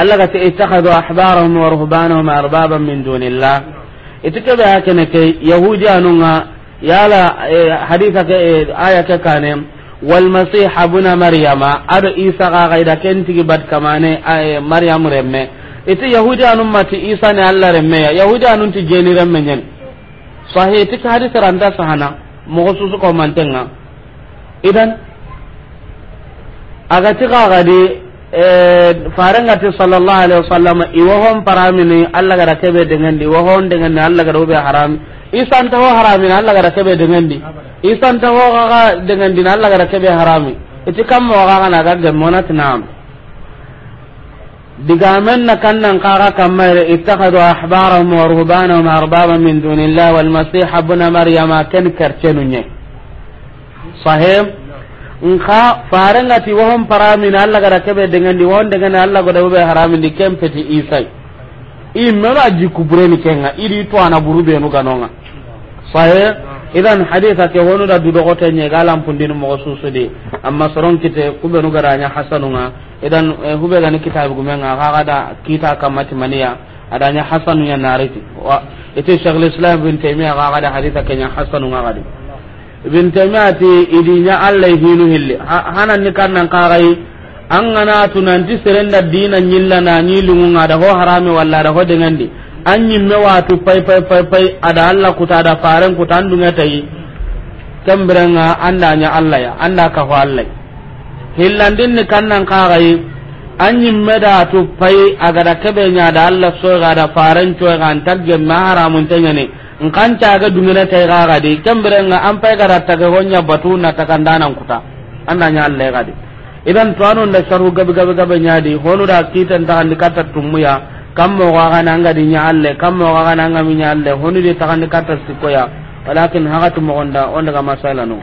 [SPEAKER 3] allah ga ta ittakhadhu ahbarahum wa ruhbanahum arbaban min dunillah itikabe hakene kai yahudi anunga yala hadisa ke aya ke kane wal masih abuna maryama ado isa ga gaida tigi bad kamane maryam remme iti yahudi anum mati isa ne allah remme ya yahudi anum ti jeni remme nyen sahi iti haditha randa sahana mo susu ko mantenga idan agati ga gadi farengati sallallahu alaihi wasallam iwohon paramini allah gara kebe dengendi iwohon di allah gara ube haram isanta ho haramini allah gara kebe dengendi isanta ho gaga di allah gara kebe harami iti kamma waga kana ga gemmonati naam digamen na kannan kara kamma ittakhadu ahbarahum wa ruhbanahum arbaba min dunillah wal masih ibn maryama ken nye sahih nka farengati wohon paramini allah gada keɓe degendi wohon degendi allah goda ɓeɓe haramindi ken peti isai i mela jikku ɓureni kenga iɗi toana ɓurubenu ganonga saye idan hadisa ke wonu da dudogote nye ga lampundinu mogo susudi amma soron kite kubenu gada nya hasanunga idan eh, hube gani kitabu gumenga kakada kita kamati mania adanya hasanunya nariti ite shekhul islam bin taimiya kakada hadisa kenya hasanunga gadi ibn tamiati idinya allah hinu hilli hanan ni nan kagai an gana ti serenda dina nyilla na lungu ngada ho harami walla da ho di anyi me watu pai pai pai pai ada allah kuta da faran kuta andunga tayi kambrenga andanya allah ya anda ka ho allah din ni nan kagai anyi me da tu pai aga da kebe nya da allah so ga da faran to ga antagge maharamun tanyane nkan caga dungina tay gaga de kembere nga an pay gara ga wonya batu na takandana kuta anda nya alle gadi idan to anon da sharu gabe gabe nya di honu da kitan ta andi kata tumuya kammo gaga nanga di nya alle kammo gaga nanga mi nya alle honu de takandi kata sikoya walakin hagatu mo onda onda ga masala no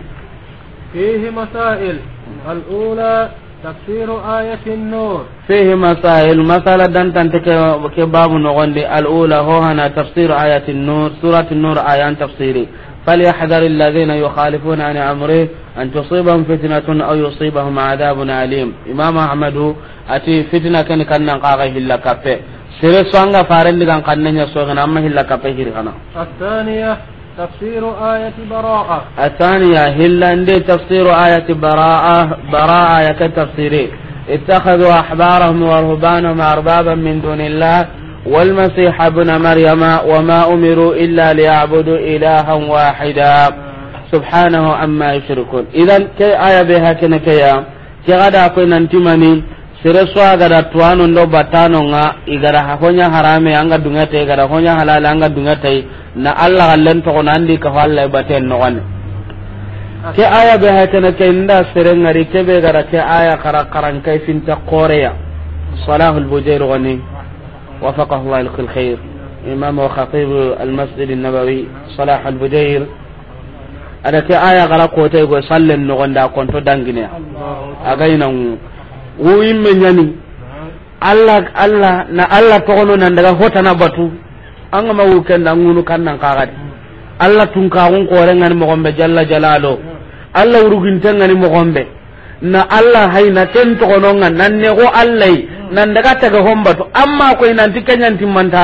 [SPEAKER 2] fihi masail al-ula تفسير آية النور
[SPEAKER 3] فيه مسائل مسألة دانتا كباب نغندي الأولى هو هنا تفسير آية النور سورة النور آيان تفسيري فليحذر الذين يخالفون عن أمره أن تصيبهم فتنة أو يصيبهم عذاب أليم إمام أحمد أتي فتنة كان كان نقاغه إلا كفه سيري سوانغا فارن لغان قنن يسوغن أما إلا كفه
[SPEAKER 2] الثانية تفسير آية براءة
[SPEAKER 3] الثانية هلا دي تفسير آية براءة براءة يكتفسيري اتخذوا أحبارهم ورهبانهم أربابا من دون الله والمسيح ابن مريم وما أمروا إلا ليعبدوا إلها واحدا سبحانه عما يشركون إذا كي آية بها كنا كيا كي غدا كنا انتماني sireso agada tuwanu ndo batanonga igada honya harame anga dungate igada honya halala anga dungate na alla gallen to na andi ka allah baten no wan ke aya be ha tan ke inda sereng ari ke be gara ke aya kara karan kai fin ta qoreya salahul bujair gani وفقه الله لكل خير إمام وخطيب المسجد النبوي صلاح bujair ada ke aya gara ko te go sallen no gonda kon to dangine aga ina wo imme nyani allah allah na allah to gono nan daga hota na batu an ga magu kenda ngunu nan kagadi allah tun ka tunkagun kore ngani mogombe jalla jalalo allah tan ngani mogombe na allah hay na ken togononga nan go Allah nan daga ta homba to amma koy nanti ta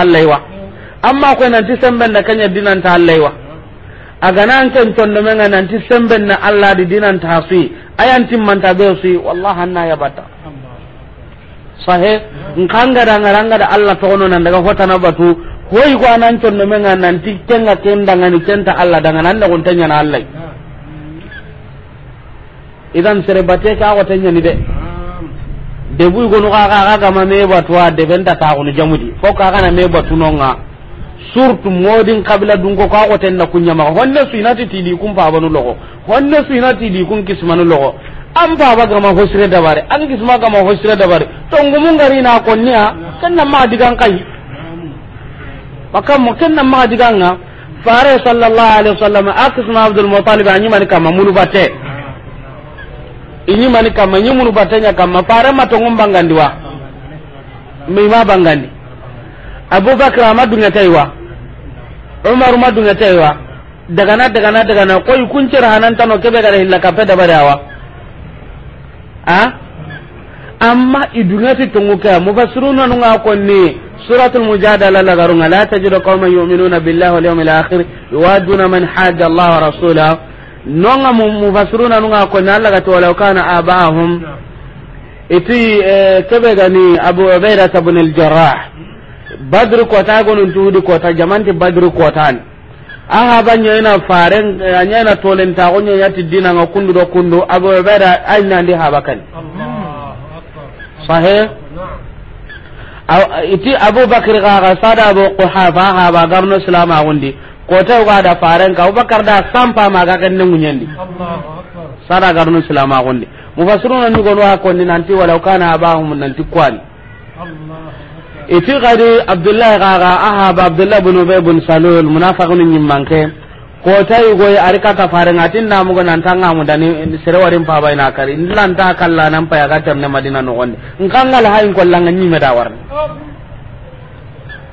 [SPEAKER 3] Allah wa amma koy da kanya dinan ta Allah wa aganan ken condomenga nanti na allah di dinanta sui ta go sui wallahi anna bata sahe nkanga da ngaranga da allah togono nan daga hotana batu koi ko anan con no menga nan ti kenga ken danga ni kenta Allah danga nan da gonta nyana alla idan sere bate ka ko tanya ni de de bu go no ka ka ga ma me batwa de benda ta ko ni jamudi fo ka na me batu nonga surtu modin kabila dungo ko ko tenna kunya ma honne suinati ti di kun pa banu logo honne ti di kun kismanu logo an baba ma hosire dabare an kisma ma hosire dabare to ngumun gari na kan na ma digan kai maka mungkin nam ma diganga fare sallallahu alaihi wasallam akisna abdul muttalib anyi man kama munu batte inyi man kama nyi munu batenya kama fare matongum bangandi wa mima bangandi abubakar amadu ngataiwa umar madu daga na daga na koy kuncir hanantano kebe gara hilla kape dabarawa a ah? amma idunati tunguka mufassiruna nunga konni سورة المجادلة لغرنا لا تجد قوما يؤمنون بالله واليوم الآخر يوادون من حاد الله ورسوله نونغا مفسرون نونغا قلنا لغت ولو كان آباءهم iti eh, kebe gani abu ubaida ibn al-jarrah badr kota gonun tudi kota jamanti badr kotan aha banya ina faren anya ina tolen ta gonya yati dina ngakundu do kundu abu ubaida ayna ndi habakan sahih iti abubakar kaga sada abu kuhafa ha ba silama gundi kota ga da faran ka Bakar da sampa ma ga kan sada garno silama gundi mufassirun ni gonu ha konni nanti walau kana abahum nanti kwani iti gadi abdullah kaga aha ba bin ubay bin salul munafiqun nyimmanke ko tayi goy ari kafare ngatin na mugo nan tanga mu dani serewarin pa bay na kari lan ta kalla nan pa ya ga na madina no gonde nkanga ngal hayin kollan nyi me dawar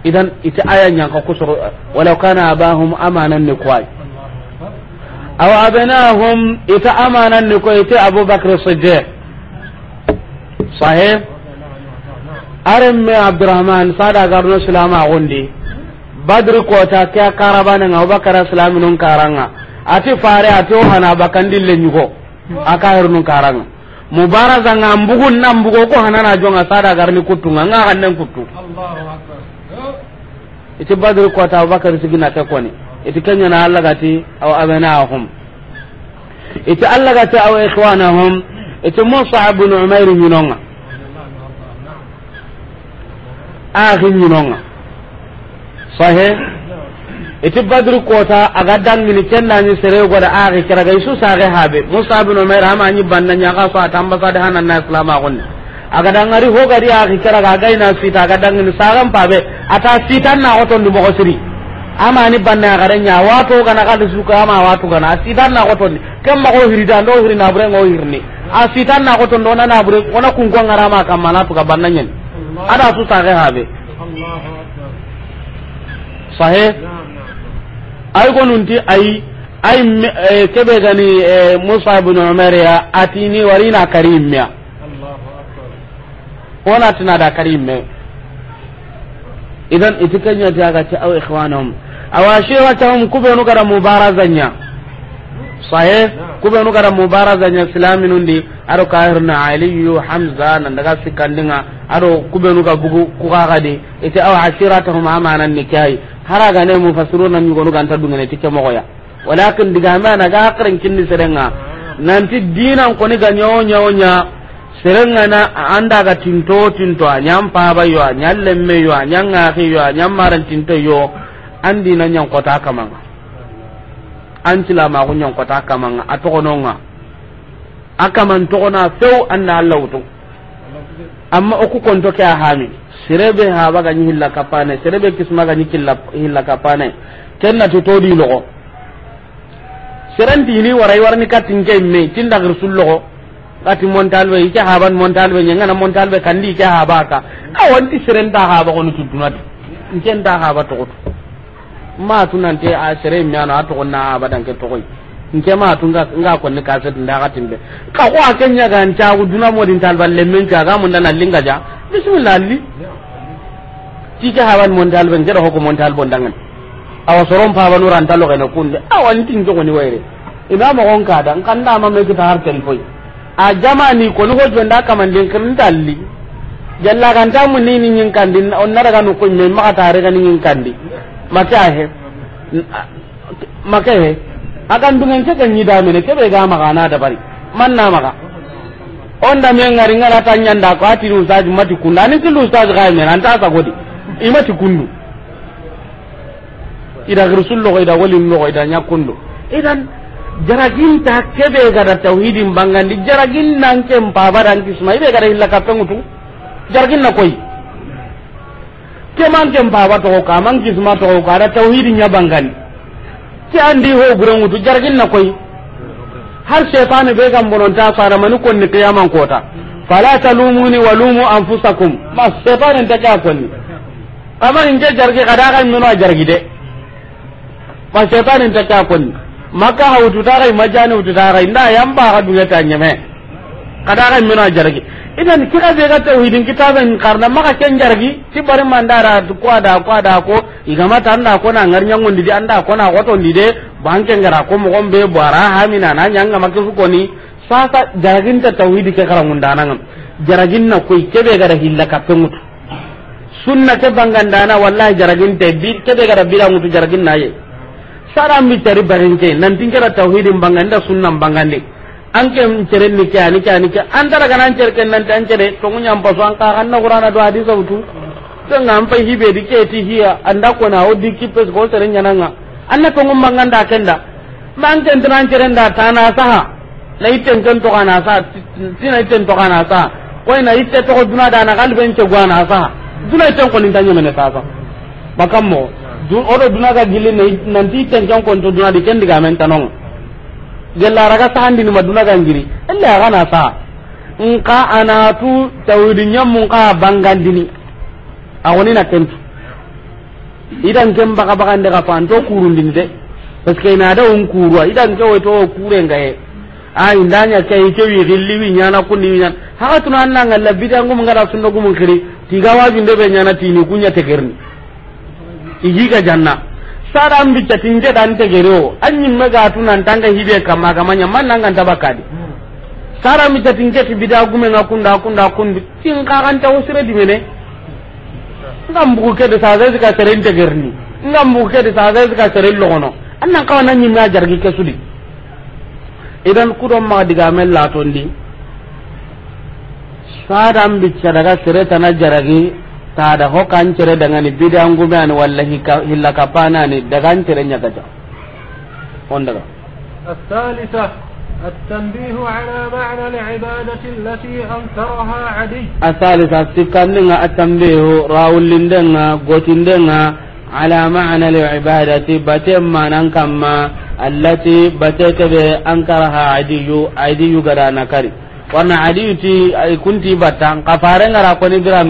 [SPEAKER 3] idan ita ayan yanka kusuru walau kana abahum amanan ni kwai aw abanahum ita amanan ni kwai ita abubakar sidde sahib arim me abdurrahman sada garno silama gonde badri kota ke karaba nan nga obakara islami nun karanga ati fare ati bakan dille nyugo a her nun karanga mubaraza nga mbugu na mbugo ko na jonga sada garni kutu nga hannen kutu. iti badri kota abubakar sigina ke koni iti kenyana allah gati aw abanahum iti allah gati aw ikhwanahum iti musa ibn umair minonga ahin minonga sahe iti badru kota aga dan dangini ni sere go da goda kira ga isu sare habe musa bin umair ha ma ni banna nya fa tamba sa da hanan na islam agon aga dan ari ho gari kira ga ga ina sita aga dan dangini saram be ata sita na goto ndu boko siri ama ni banna aga nya wa wato kana kada suka ama wato kana sita na goto ni kam ma ko do hiri na bre ngo hiri ni a sita na goto ndo na na bure ona kam ma na to ga banna nyen
[SPEAKER 1] ada su sare habe Allah
[SPEAKER 3] sahe ay gonunti ay ay kebe gani eh, musa ibn umar ya atini warina karim ya ona tina da karim me idan itikanya ta ga ta aw ikhwanum awashira ta hum kubenu gara mubarazanya sahe kubenu gara mubaraza nya aro ado kahirna aliyu hamza nan daga sikandinga ado kubenu ga bugu kukakadi ite aw asiratahum amanan nikahi haraga ne mufassiruna nyugonu ganta dungane tike mogoya walakin digama na ga akran kinni serenga nanti dinan koni ga nyawo nyawo nya serenga na anda ga tinto tinto anyam paba yo anyallemme yo anyanga yo anyamaran tinto yo andi nan nyankota kamanga antila ma ko nyon kota kamanga atogononga akaman na few anda Allah to amma kon to ka haami sirebe ha baga nyi hilla kapane sirebe kisma ga nyi hilla kapane kenna to todi logo serenti ni warai warni ka tinje me tinda gursul logo kati montalbe ike haban montalbe nyangana montalbe kandi ike habaka awanti serenta haba ko nutu dunati ike nda haba to ma te a sere mi ana to na badan ke tokoy nke ma ga nga ko ni kaset da ga be ka ko ya ga ta ku duna modin tal balle min ka ga mun dana linga ja bismillah li ti ga hawan mun dal ben jara hoko tal bondan an awa soron pa banu ran talo ga kunde awan tin jogo ni waire ina e ma gon ka dan kan da ma me tar tel koi a jamani ko ni hojo nda din kan dalli jalla kan mun ni ni nyin din on naraga no ko me ma ta re ga ni nyin din maka he maka he akan dungan ke ganyi da mene ke be ga da bari man na onda me ngari ngara tanya nda ko ati mati kunda ni tilu ga anta godi imati kundu ida lo ida wali ida nya kundu idan jaragin ta kebe ga da tauhidin bangandi jaragin nan ke kisma ibe ga pengutu jaragin na koi ke man ke mbawa to ka man kisma to ka da tauhidin nya bangani ke andi ho buran wutu jargin na koi har shaytan be gam bononta fara man kon ni kiyaman kota fala talumuni walumu anfusakum ma shaytan ta ka konni amma in je jargi kada kan mino jargi de ma shaytan ta ka konni maka hawu ta kai majani hawtu ta kai nda yamba ka dunya ta nyame kada kan mino jargi idan kira be ga tauhidin kitaben karna maka ken jargi ti bari mandara du ko da ko da ko igama tan da ko na ngarnya ngondi di anda ko na goto ndi de banke ngara ko mo gombe bara hamina na nyanga makisu ko ni sasa jaragin ta tauhidi ke karangun danangam jaragin na koy kebe ga da hilla ka mutu sunna ke bangandana wallahi jaragin te bi kebe ga da bila mutu jaragin na ye sara mi tari barin ke nan tingara tauhidin banganda sunnan bangande an kem ni ke ani ke ani ke an tara kana an cerken nan tan cere to mun yan paso an ka kan na qur'ana do hadisa wutu to ngam pa hibe di ke ti hiya anda ko na o ki pes go na nyananga anna to ngum manganda kenda man ken tan cere nda na saha lai iten ken to kana sa na iten to kana sa ko na itte to ko duna da na ben ce gwana sa duna iten ko linda nyamene sa sa o odo duna ga gilin nanti iten kan ko to duna di ken ga men tanong gellaraga sahandi nima dunagangiri elle agana saha nka anatu tawhidi ñammun ka bangandini na tentu idan ken baga bagande ka to anto kurundini de parce que ina da un kurwa idan ke wo to kure ngaye ay ndanya ke ke wi gilli wi nyana kunni wi nyana haka tuna nan ngalla bidan gum ngara sunno gum kiri tiga wajin de be nyana tini kunya tekerni igiga janna sara an bitta tinje dan tegero an nyimme ga tunan tanga hibe kama gamanya man nan kan tabakadi sara mi tatin ke ti bida gume na kunda kunda kundi tin ka kan ta usire di mene ngam bu ke de saza zika teren te gerni ngam bu ke de saza zika teren logono annan ka nan nyimme jargi ke sudi idan kudo ma diga mel la tondi sara mi daga sere tana jaragi tada ho kan cire daga ni bidan gume an wallahi hilla kapana ni daga cire nya gaja on daga
[SPEAKER 2] الثالثة التنبيه على معنى العبادة التي أنكرها عدي
[SPEAKER 3] الثالثة سكاننا التنبيه راول لندنا قوتندنا على معنى العبادة بتم ننكما التي بتتب أنكرها عدي عدي قرانا كري وانا عدي كنت بتان قفارنا راكوني قرام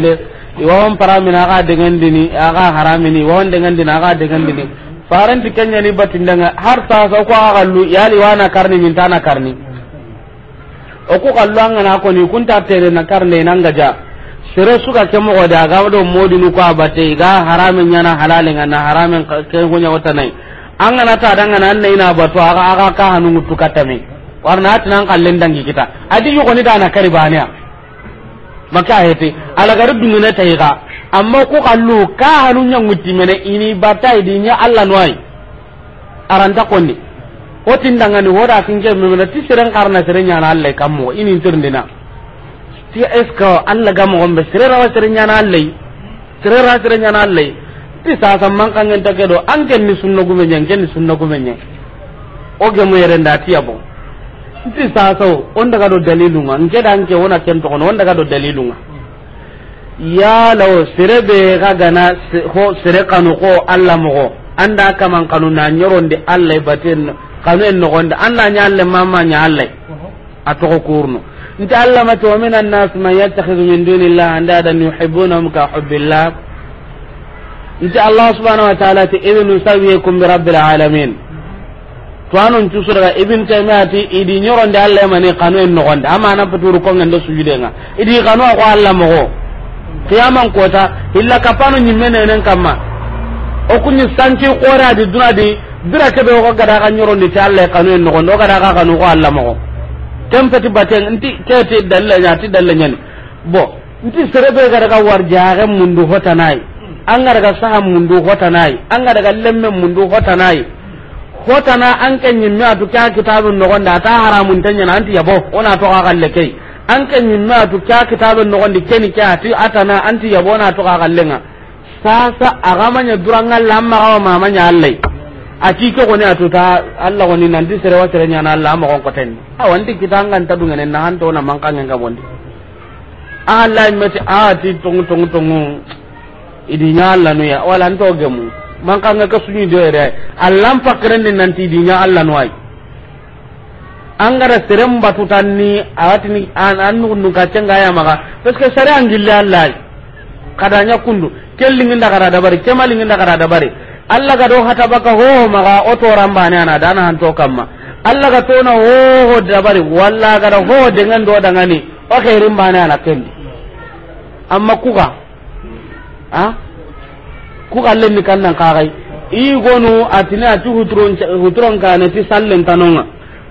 [SPEAKER 3] iwawan paramina aga dini aga haramini iwawan degendini aga dini faranti kenya ni batindanga har ta sasa ko aga lu yali wana karni min tana karni o ko kallu anga na ko ni kunta tere na karne nan gaja sire suka kemo mo da ga do modi nu ko abate ga haramin yana halalin na haramin ke hunya wata nai an na ta dan nan nai na batu aga aga ka hanu mutukatame warna tinan kallin dangi kita adi ko ni dana karibaniya maka hete alagari dungene taiga amma ku kallu ka hanu nyanguti mene ini batai di nya Allah nuai aranta konni o tindangani hoda kinje memena ti siren karna siren nyana Allah kammo ini na. ti esko Allah gamo be siren rawa siren na Allah siren rawa siren nyana Allah ti sa man kangen takedo angen ni sunna gumenye ken ni sunna gumenye o gemu yere ti abon ti sasawo on daga do dalilu nga nke da nke wona ken tokono on daga do dalilu dalilunga yalawo sere be ga gana ho sere kanu ko alla mogo anda kaman kanu na nyoronde alla baten kanu en no nogonde anda nyalle mama nyalle atoko kurno nta alla mati wa minan nas man yattakhidhu min dunillahi andadan yuhibbunahum ka hubbillah nta allah subhanahu wa ta'ala ta idnu sawiyakum bi rabbil alamin -hmm. to anon cu ibin ibn idi nyoron da Allah mani kanu en no gonda amana paturu ko ngendo sujude nga idi kanu ako Allah mo kiyaman kota illa kapanu nyimene nen kama. o kunni sanki di duna di bira kebe be ko gada kan nyoron di Allah kanu en no gonda gada ka kanu ko Allah mo go tempati baten nti kete dalle nya ti dalle nyen bo nti serebe gada ka warjaare mundu hotanai an ga daga saha mundu hotanai an ga daga lemme mundu hotanai hotana an kan ma atu kya kitabun no da ta haramun tan na anti yabo ona to ka galle kai an kan ma atu kya kitabun nogon dikeni kya ati atana anti yabo na to ka galle nga sasa agamanya duranga lamma kawa mamanya allai ko ke a atu ta Allah nan di sere wa sere na Allah ma ko koten a kita ngan ta ne na han to na mangkang nga bondi Allah meti ati tung tung tung idinya Allah nu ya wala nto gemu man kan ka suñu do allah allan pakren din nanti dinya allah no angara serem batutan ni ni an annu nu ka cenga ya maka parce que sare angilla allah kadanya kundu kellingin da gara dabari kemalingin da bari allah ga do hata baka ho maka oto rambane ana dana han to kamma allah ga to na ho da dabari walla gara ho dengan do dangani o khairin bane ana kendi amma kuka ah. ku kallen ni kannan kagai i gonu atini ati hutron hutron kana ti sallen tanonga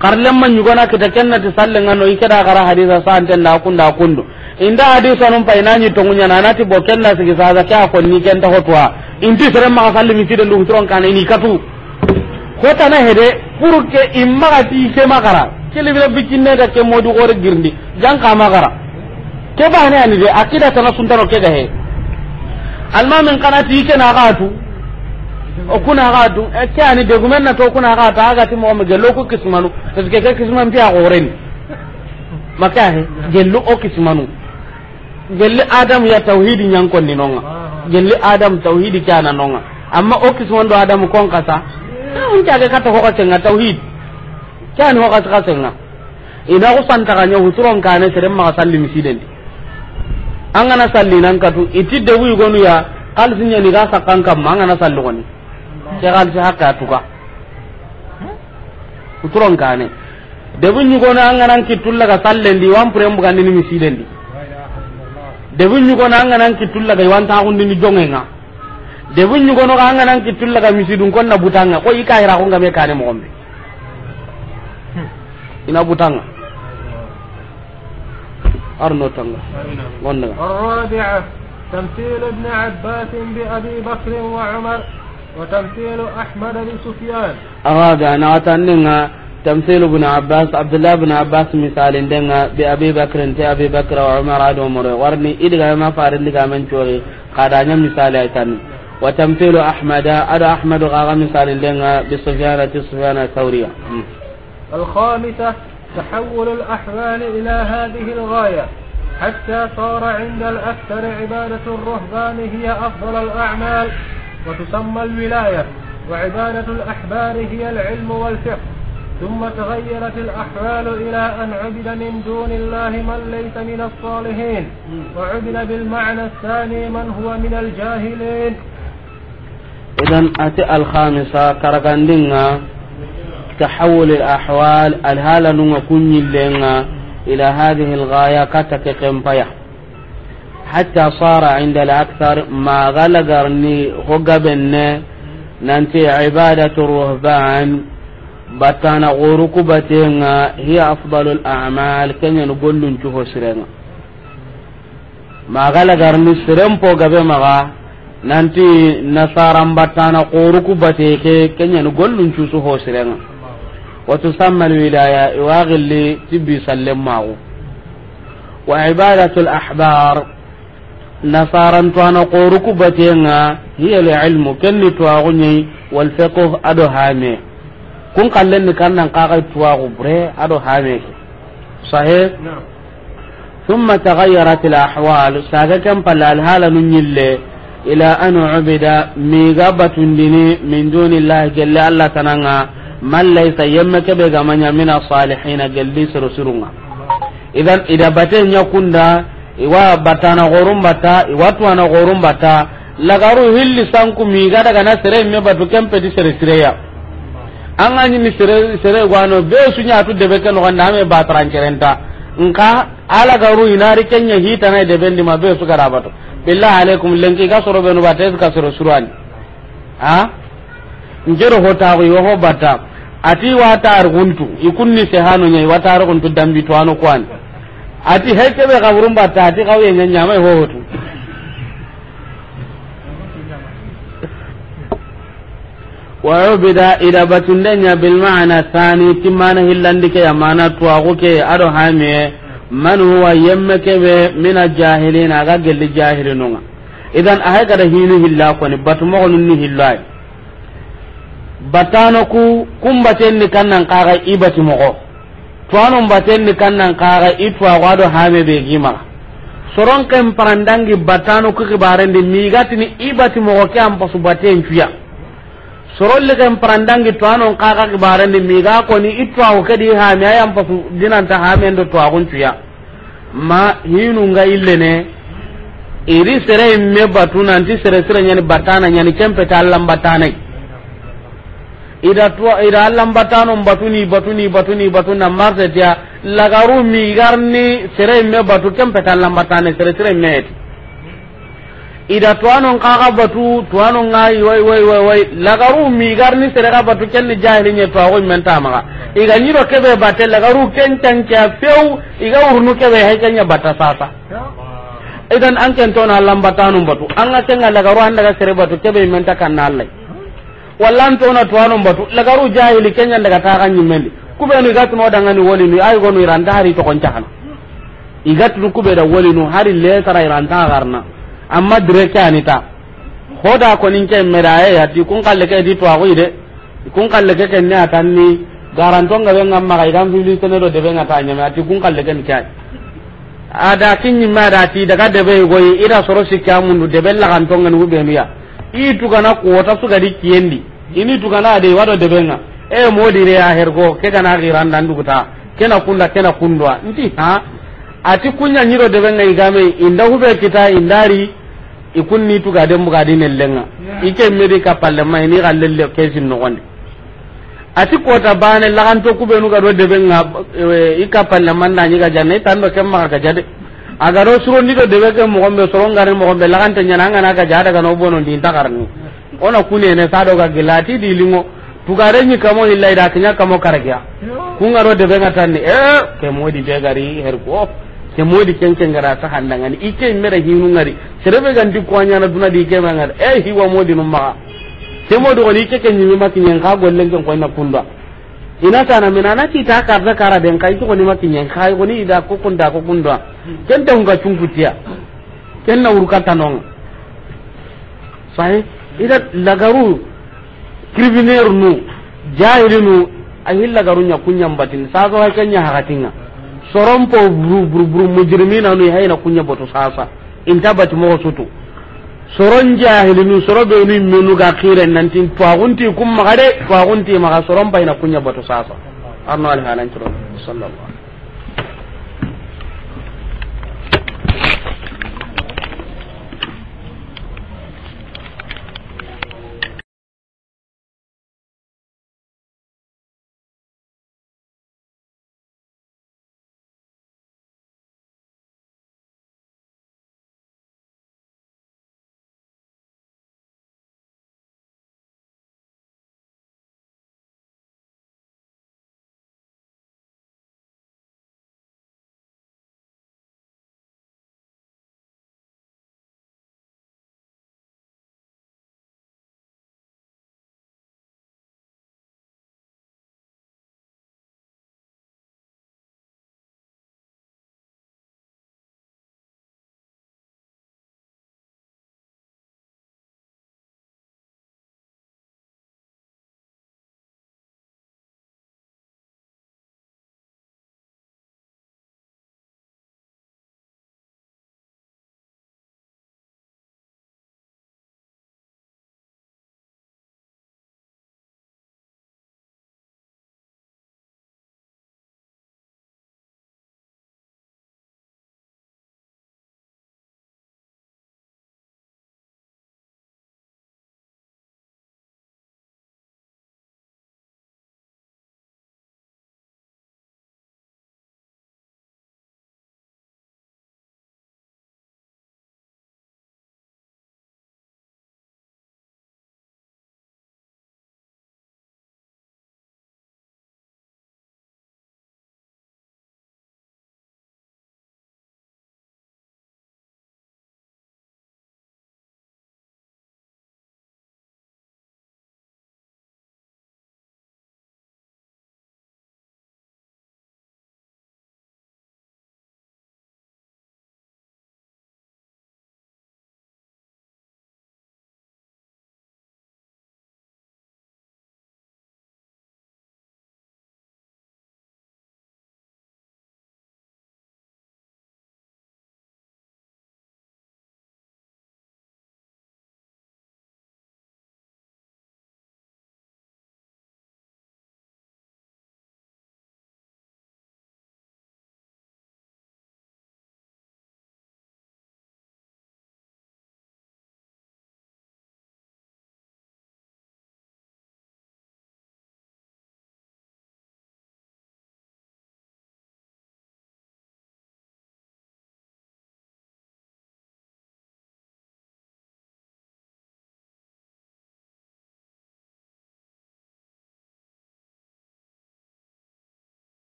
[SPEAKER 3] karlen man yugona kita kenna ti sallen ngano ikeda gara hadisa santen da kunda kundu inda hadisa non pay nanyi tongunya na nati bo kenna sigi saza ke ko ni kenta hotwa inti sere ma salli mi tiden du hutron kana ni katu hota na hede purke imma ga ti ke magara kele bila bikinne da ke modu gore girndi ka magara ke bane ani de akida tana suntaro ke ga he alma min kanati ike na gatu o kuna gatu e ke de gumen na to kuna gatu aga ti mo me loko kismanu to ke ke kisman bi a goren maka he gello o kismanu gelli adam ya tauhidi nyankon ni nonga gelli adam tauhidi kana nonga amma o kisman do adam kon kasa on ta ga kata ko ka tenga tauhid kan ho ka ka tenga ina ko santaka nyahu turon kana sere ma sallimi sidendi an gana salli nan katu iti da wuyi gonu ya kalsi nya ni kan kan ma an gana salli goni ke haka ya tuka uturon kane de bu nyu gonu an gana kitulla ga di wan pure mbuga ni mi di. de bu nyu gonu an gana kitulla ga wan taa hundi ni jongenga de bu nyu gonu an gana kitulla ga misidun kon na butanga ko ika hira ko ngame kane mɔgɔ gombe ina butanga أرنو تنغا
[SPEAKER 2] الرابعة تمثيل ابن عباس بأبي بكر وعمر وتمثيل أحمد بسفيان
[SPEAKER 3] أرابعة نعتنغا تمثيل ابن عباس عبد الله بن عباس مثال دنا بأبي بكر انت أبي بكر وعمر عاد ومر ورني إدغا ما فارد لغا من شوري قادانا مثال ايتان وتمثيل أحمد أدى أحمد غاغا مثال دنا بسفيان سفيان الثورية
[SPEAKER 2] الخامسة تحول الأحوال إلى هذه الغاية حتى صار عند الأكثر عبادة الرهبان هي أفضل الأعمال وتسمى الولاية وعبادة الأحبار هي العلم والفقه ثم تغيرت الأحوال إلى أن عبد من دون الله من ليس من الصالحين وعبد بالمعنى الثاني من هو من الجاهلين
[SPEAKER 3] إذا أتى الخامسة كرغاندينغا تحول الأحوال الهالة نكون لنا إلى هذه الغاية كتك قنبيا حتى صار عند الأكثر ما غلقرني غقبن ننتي عبادة الرهبان بطانا غورك هي أفضل الأعمال كن نقول نشوف سرنا ما غلقرني سرم فوق مغا nanti nasaran batana koruku bateke kenyani gollun cusu hosirenga watu samman wilaya iwagilli tibbi sallen magu wa ibadatu lahbar nasarantuana qoruku batenga hiya lilmu kenni tuwagunyei walfiqh ado hame kun kallenni kannan kakai tuwagu bure ado hame sahi ثم تغيرت الأحوال ساكا فلا الهالة نجل إلى أن عبد ميغابة دني من دون الله جل الله تنانا man laysa yemme kebe gamanya min as-salihin galli siru sirunga idan ida baten yakunda iwa batana gorum bata iwatu ana gorum bata lagaru hilli sanku mi gada gana sere me batu kempe di sere sere ya anga mi sere sere gwano be sunya tu debe ken wanda me batran cerenta nka ala garu inari kenya hita na debe ndi mabe su gara batu billahi alaikum lenki ga soro benu bata ka soro suruani ha njero hota ko bata ati wata arguntu ikunni sehanu nyai wata arguntu dambi to anu kwan ati hekebe kaburum batta ati kawe nyama ho hohotu wa ubida ida batundenya bil ma'ana thani timana hillandike ya mana to aguke ado hamiye man huwa yemme be mina jahilina aga gelli jahilinunga idan ahe kada hinu hilla ko ni batumo ni hillai batano ku kumbatenni kannan kaga ibati mogo tuwanun batenni kannan kaga itwa gwado hame be gima soron kan parandangi batano ku kibarende migatini ibati mogo ke am pasu baten fiya soron le kan parandangi tuwanun kaga kibarende miga ko ni itwa ko kedi hame ayam pasu dinanta hame ndo tuwa kun fiya ma hinunga illene iri sere me batu nanti sere sere nyani batana nyani kempe tallam batanai ida to ida allan batano batuni batuni batuni batuna marse dia lagaru mi garni sere me batu peta tallan batane sere sere me ida to anon ka batu to anon ngai wai wai wai wai lagaru mi garni sere ga batu kenni jahili nye to ago menta maga iga nyiro kebe bate lagaru tan kya feu iga urnu kebe hekenya bata sasa idan an kentona allan batano batu an ga kenga lagaru an daga sere batu kebe menta kan Allah wallan to na to anum batu lagaru jahili kenya daga ta kan kube ni gatu no dangani woli ni ay gonu iranda hari to kon cahana igatu kube da woli no hari le tara iranta garna amma dire anita hoda ko nin ke meraye ya ti kun kalle ke di to ago ide kun kalle ke ne atanni garanton ga ben amma kai dan fili tene do de ben ata ma ati kun kalle ken kai ada kinni ma da ti daga de be goyi ira soro sikamu mundu de bella kan tongan ubenu ya ii tugana kuwota sugadi kiyendi ini tugana ade wado debenga e modire a hergo ke gana xirandan duguta kena kunda kena kundua nti ha ati kunya nyiro debenga igame inda hube kita indari ikun ni tuga de mbuga di nellenga ike medi ka palle ma ini galle kesi nokonde ati kota bane la kanto kube nuga do debenga e, e, ika palle manda nyiga janne tando kemma ka jade yeah. agaro surondi do debe ke mo gombe la lagante nyana ngana ka jada ga no bono din takarni ona kunene sado ga gilati di lingo tugare ni kamo illa ida kenya kamo karagya kungaro debe tanni eh ke modi be gari her ko ke modi kenken gara ta ni ike mere hinu ngari serebe ganti ko nyana duna di ke mangari eh hiwa modi numma ke modi ni ke ma makinyen ka golle ngon ko na kunda ina na mina na ti ta da kara den kai ko ni makinyan kai ko ni da ko kun da ko kun da ken ta hunga chungutiya ken na urka non sai ida lagaru criminal nu jahili nu ahi lagaru nya kunyan batin sa ga kenya ha soron sorompo buru buru buru mujrimina nu hayna kunya boto sasa intabati mo sutu soron jahilinu soro benu menu ga kiren nan tin fagunti kum magade fagunti maga soron bayna kunya bato sasa arno al halan sallallahu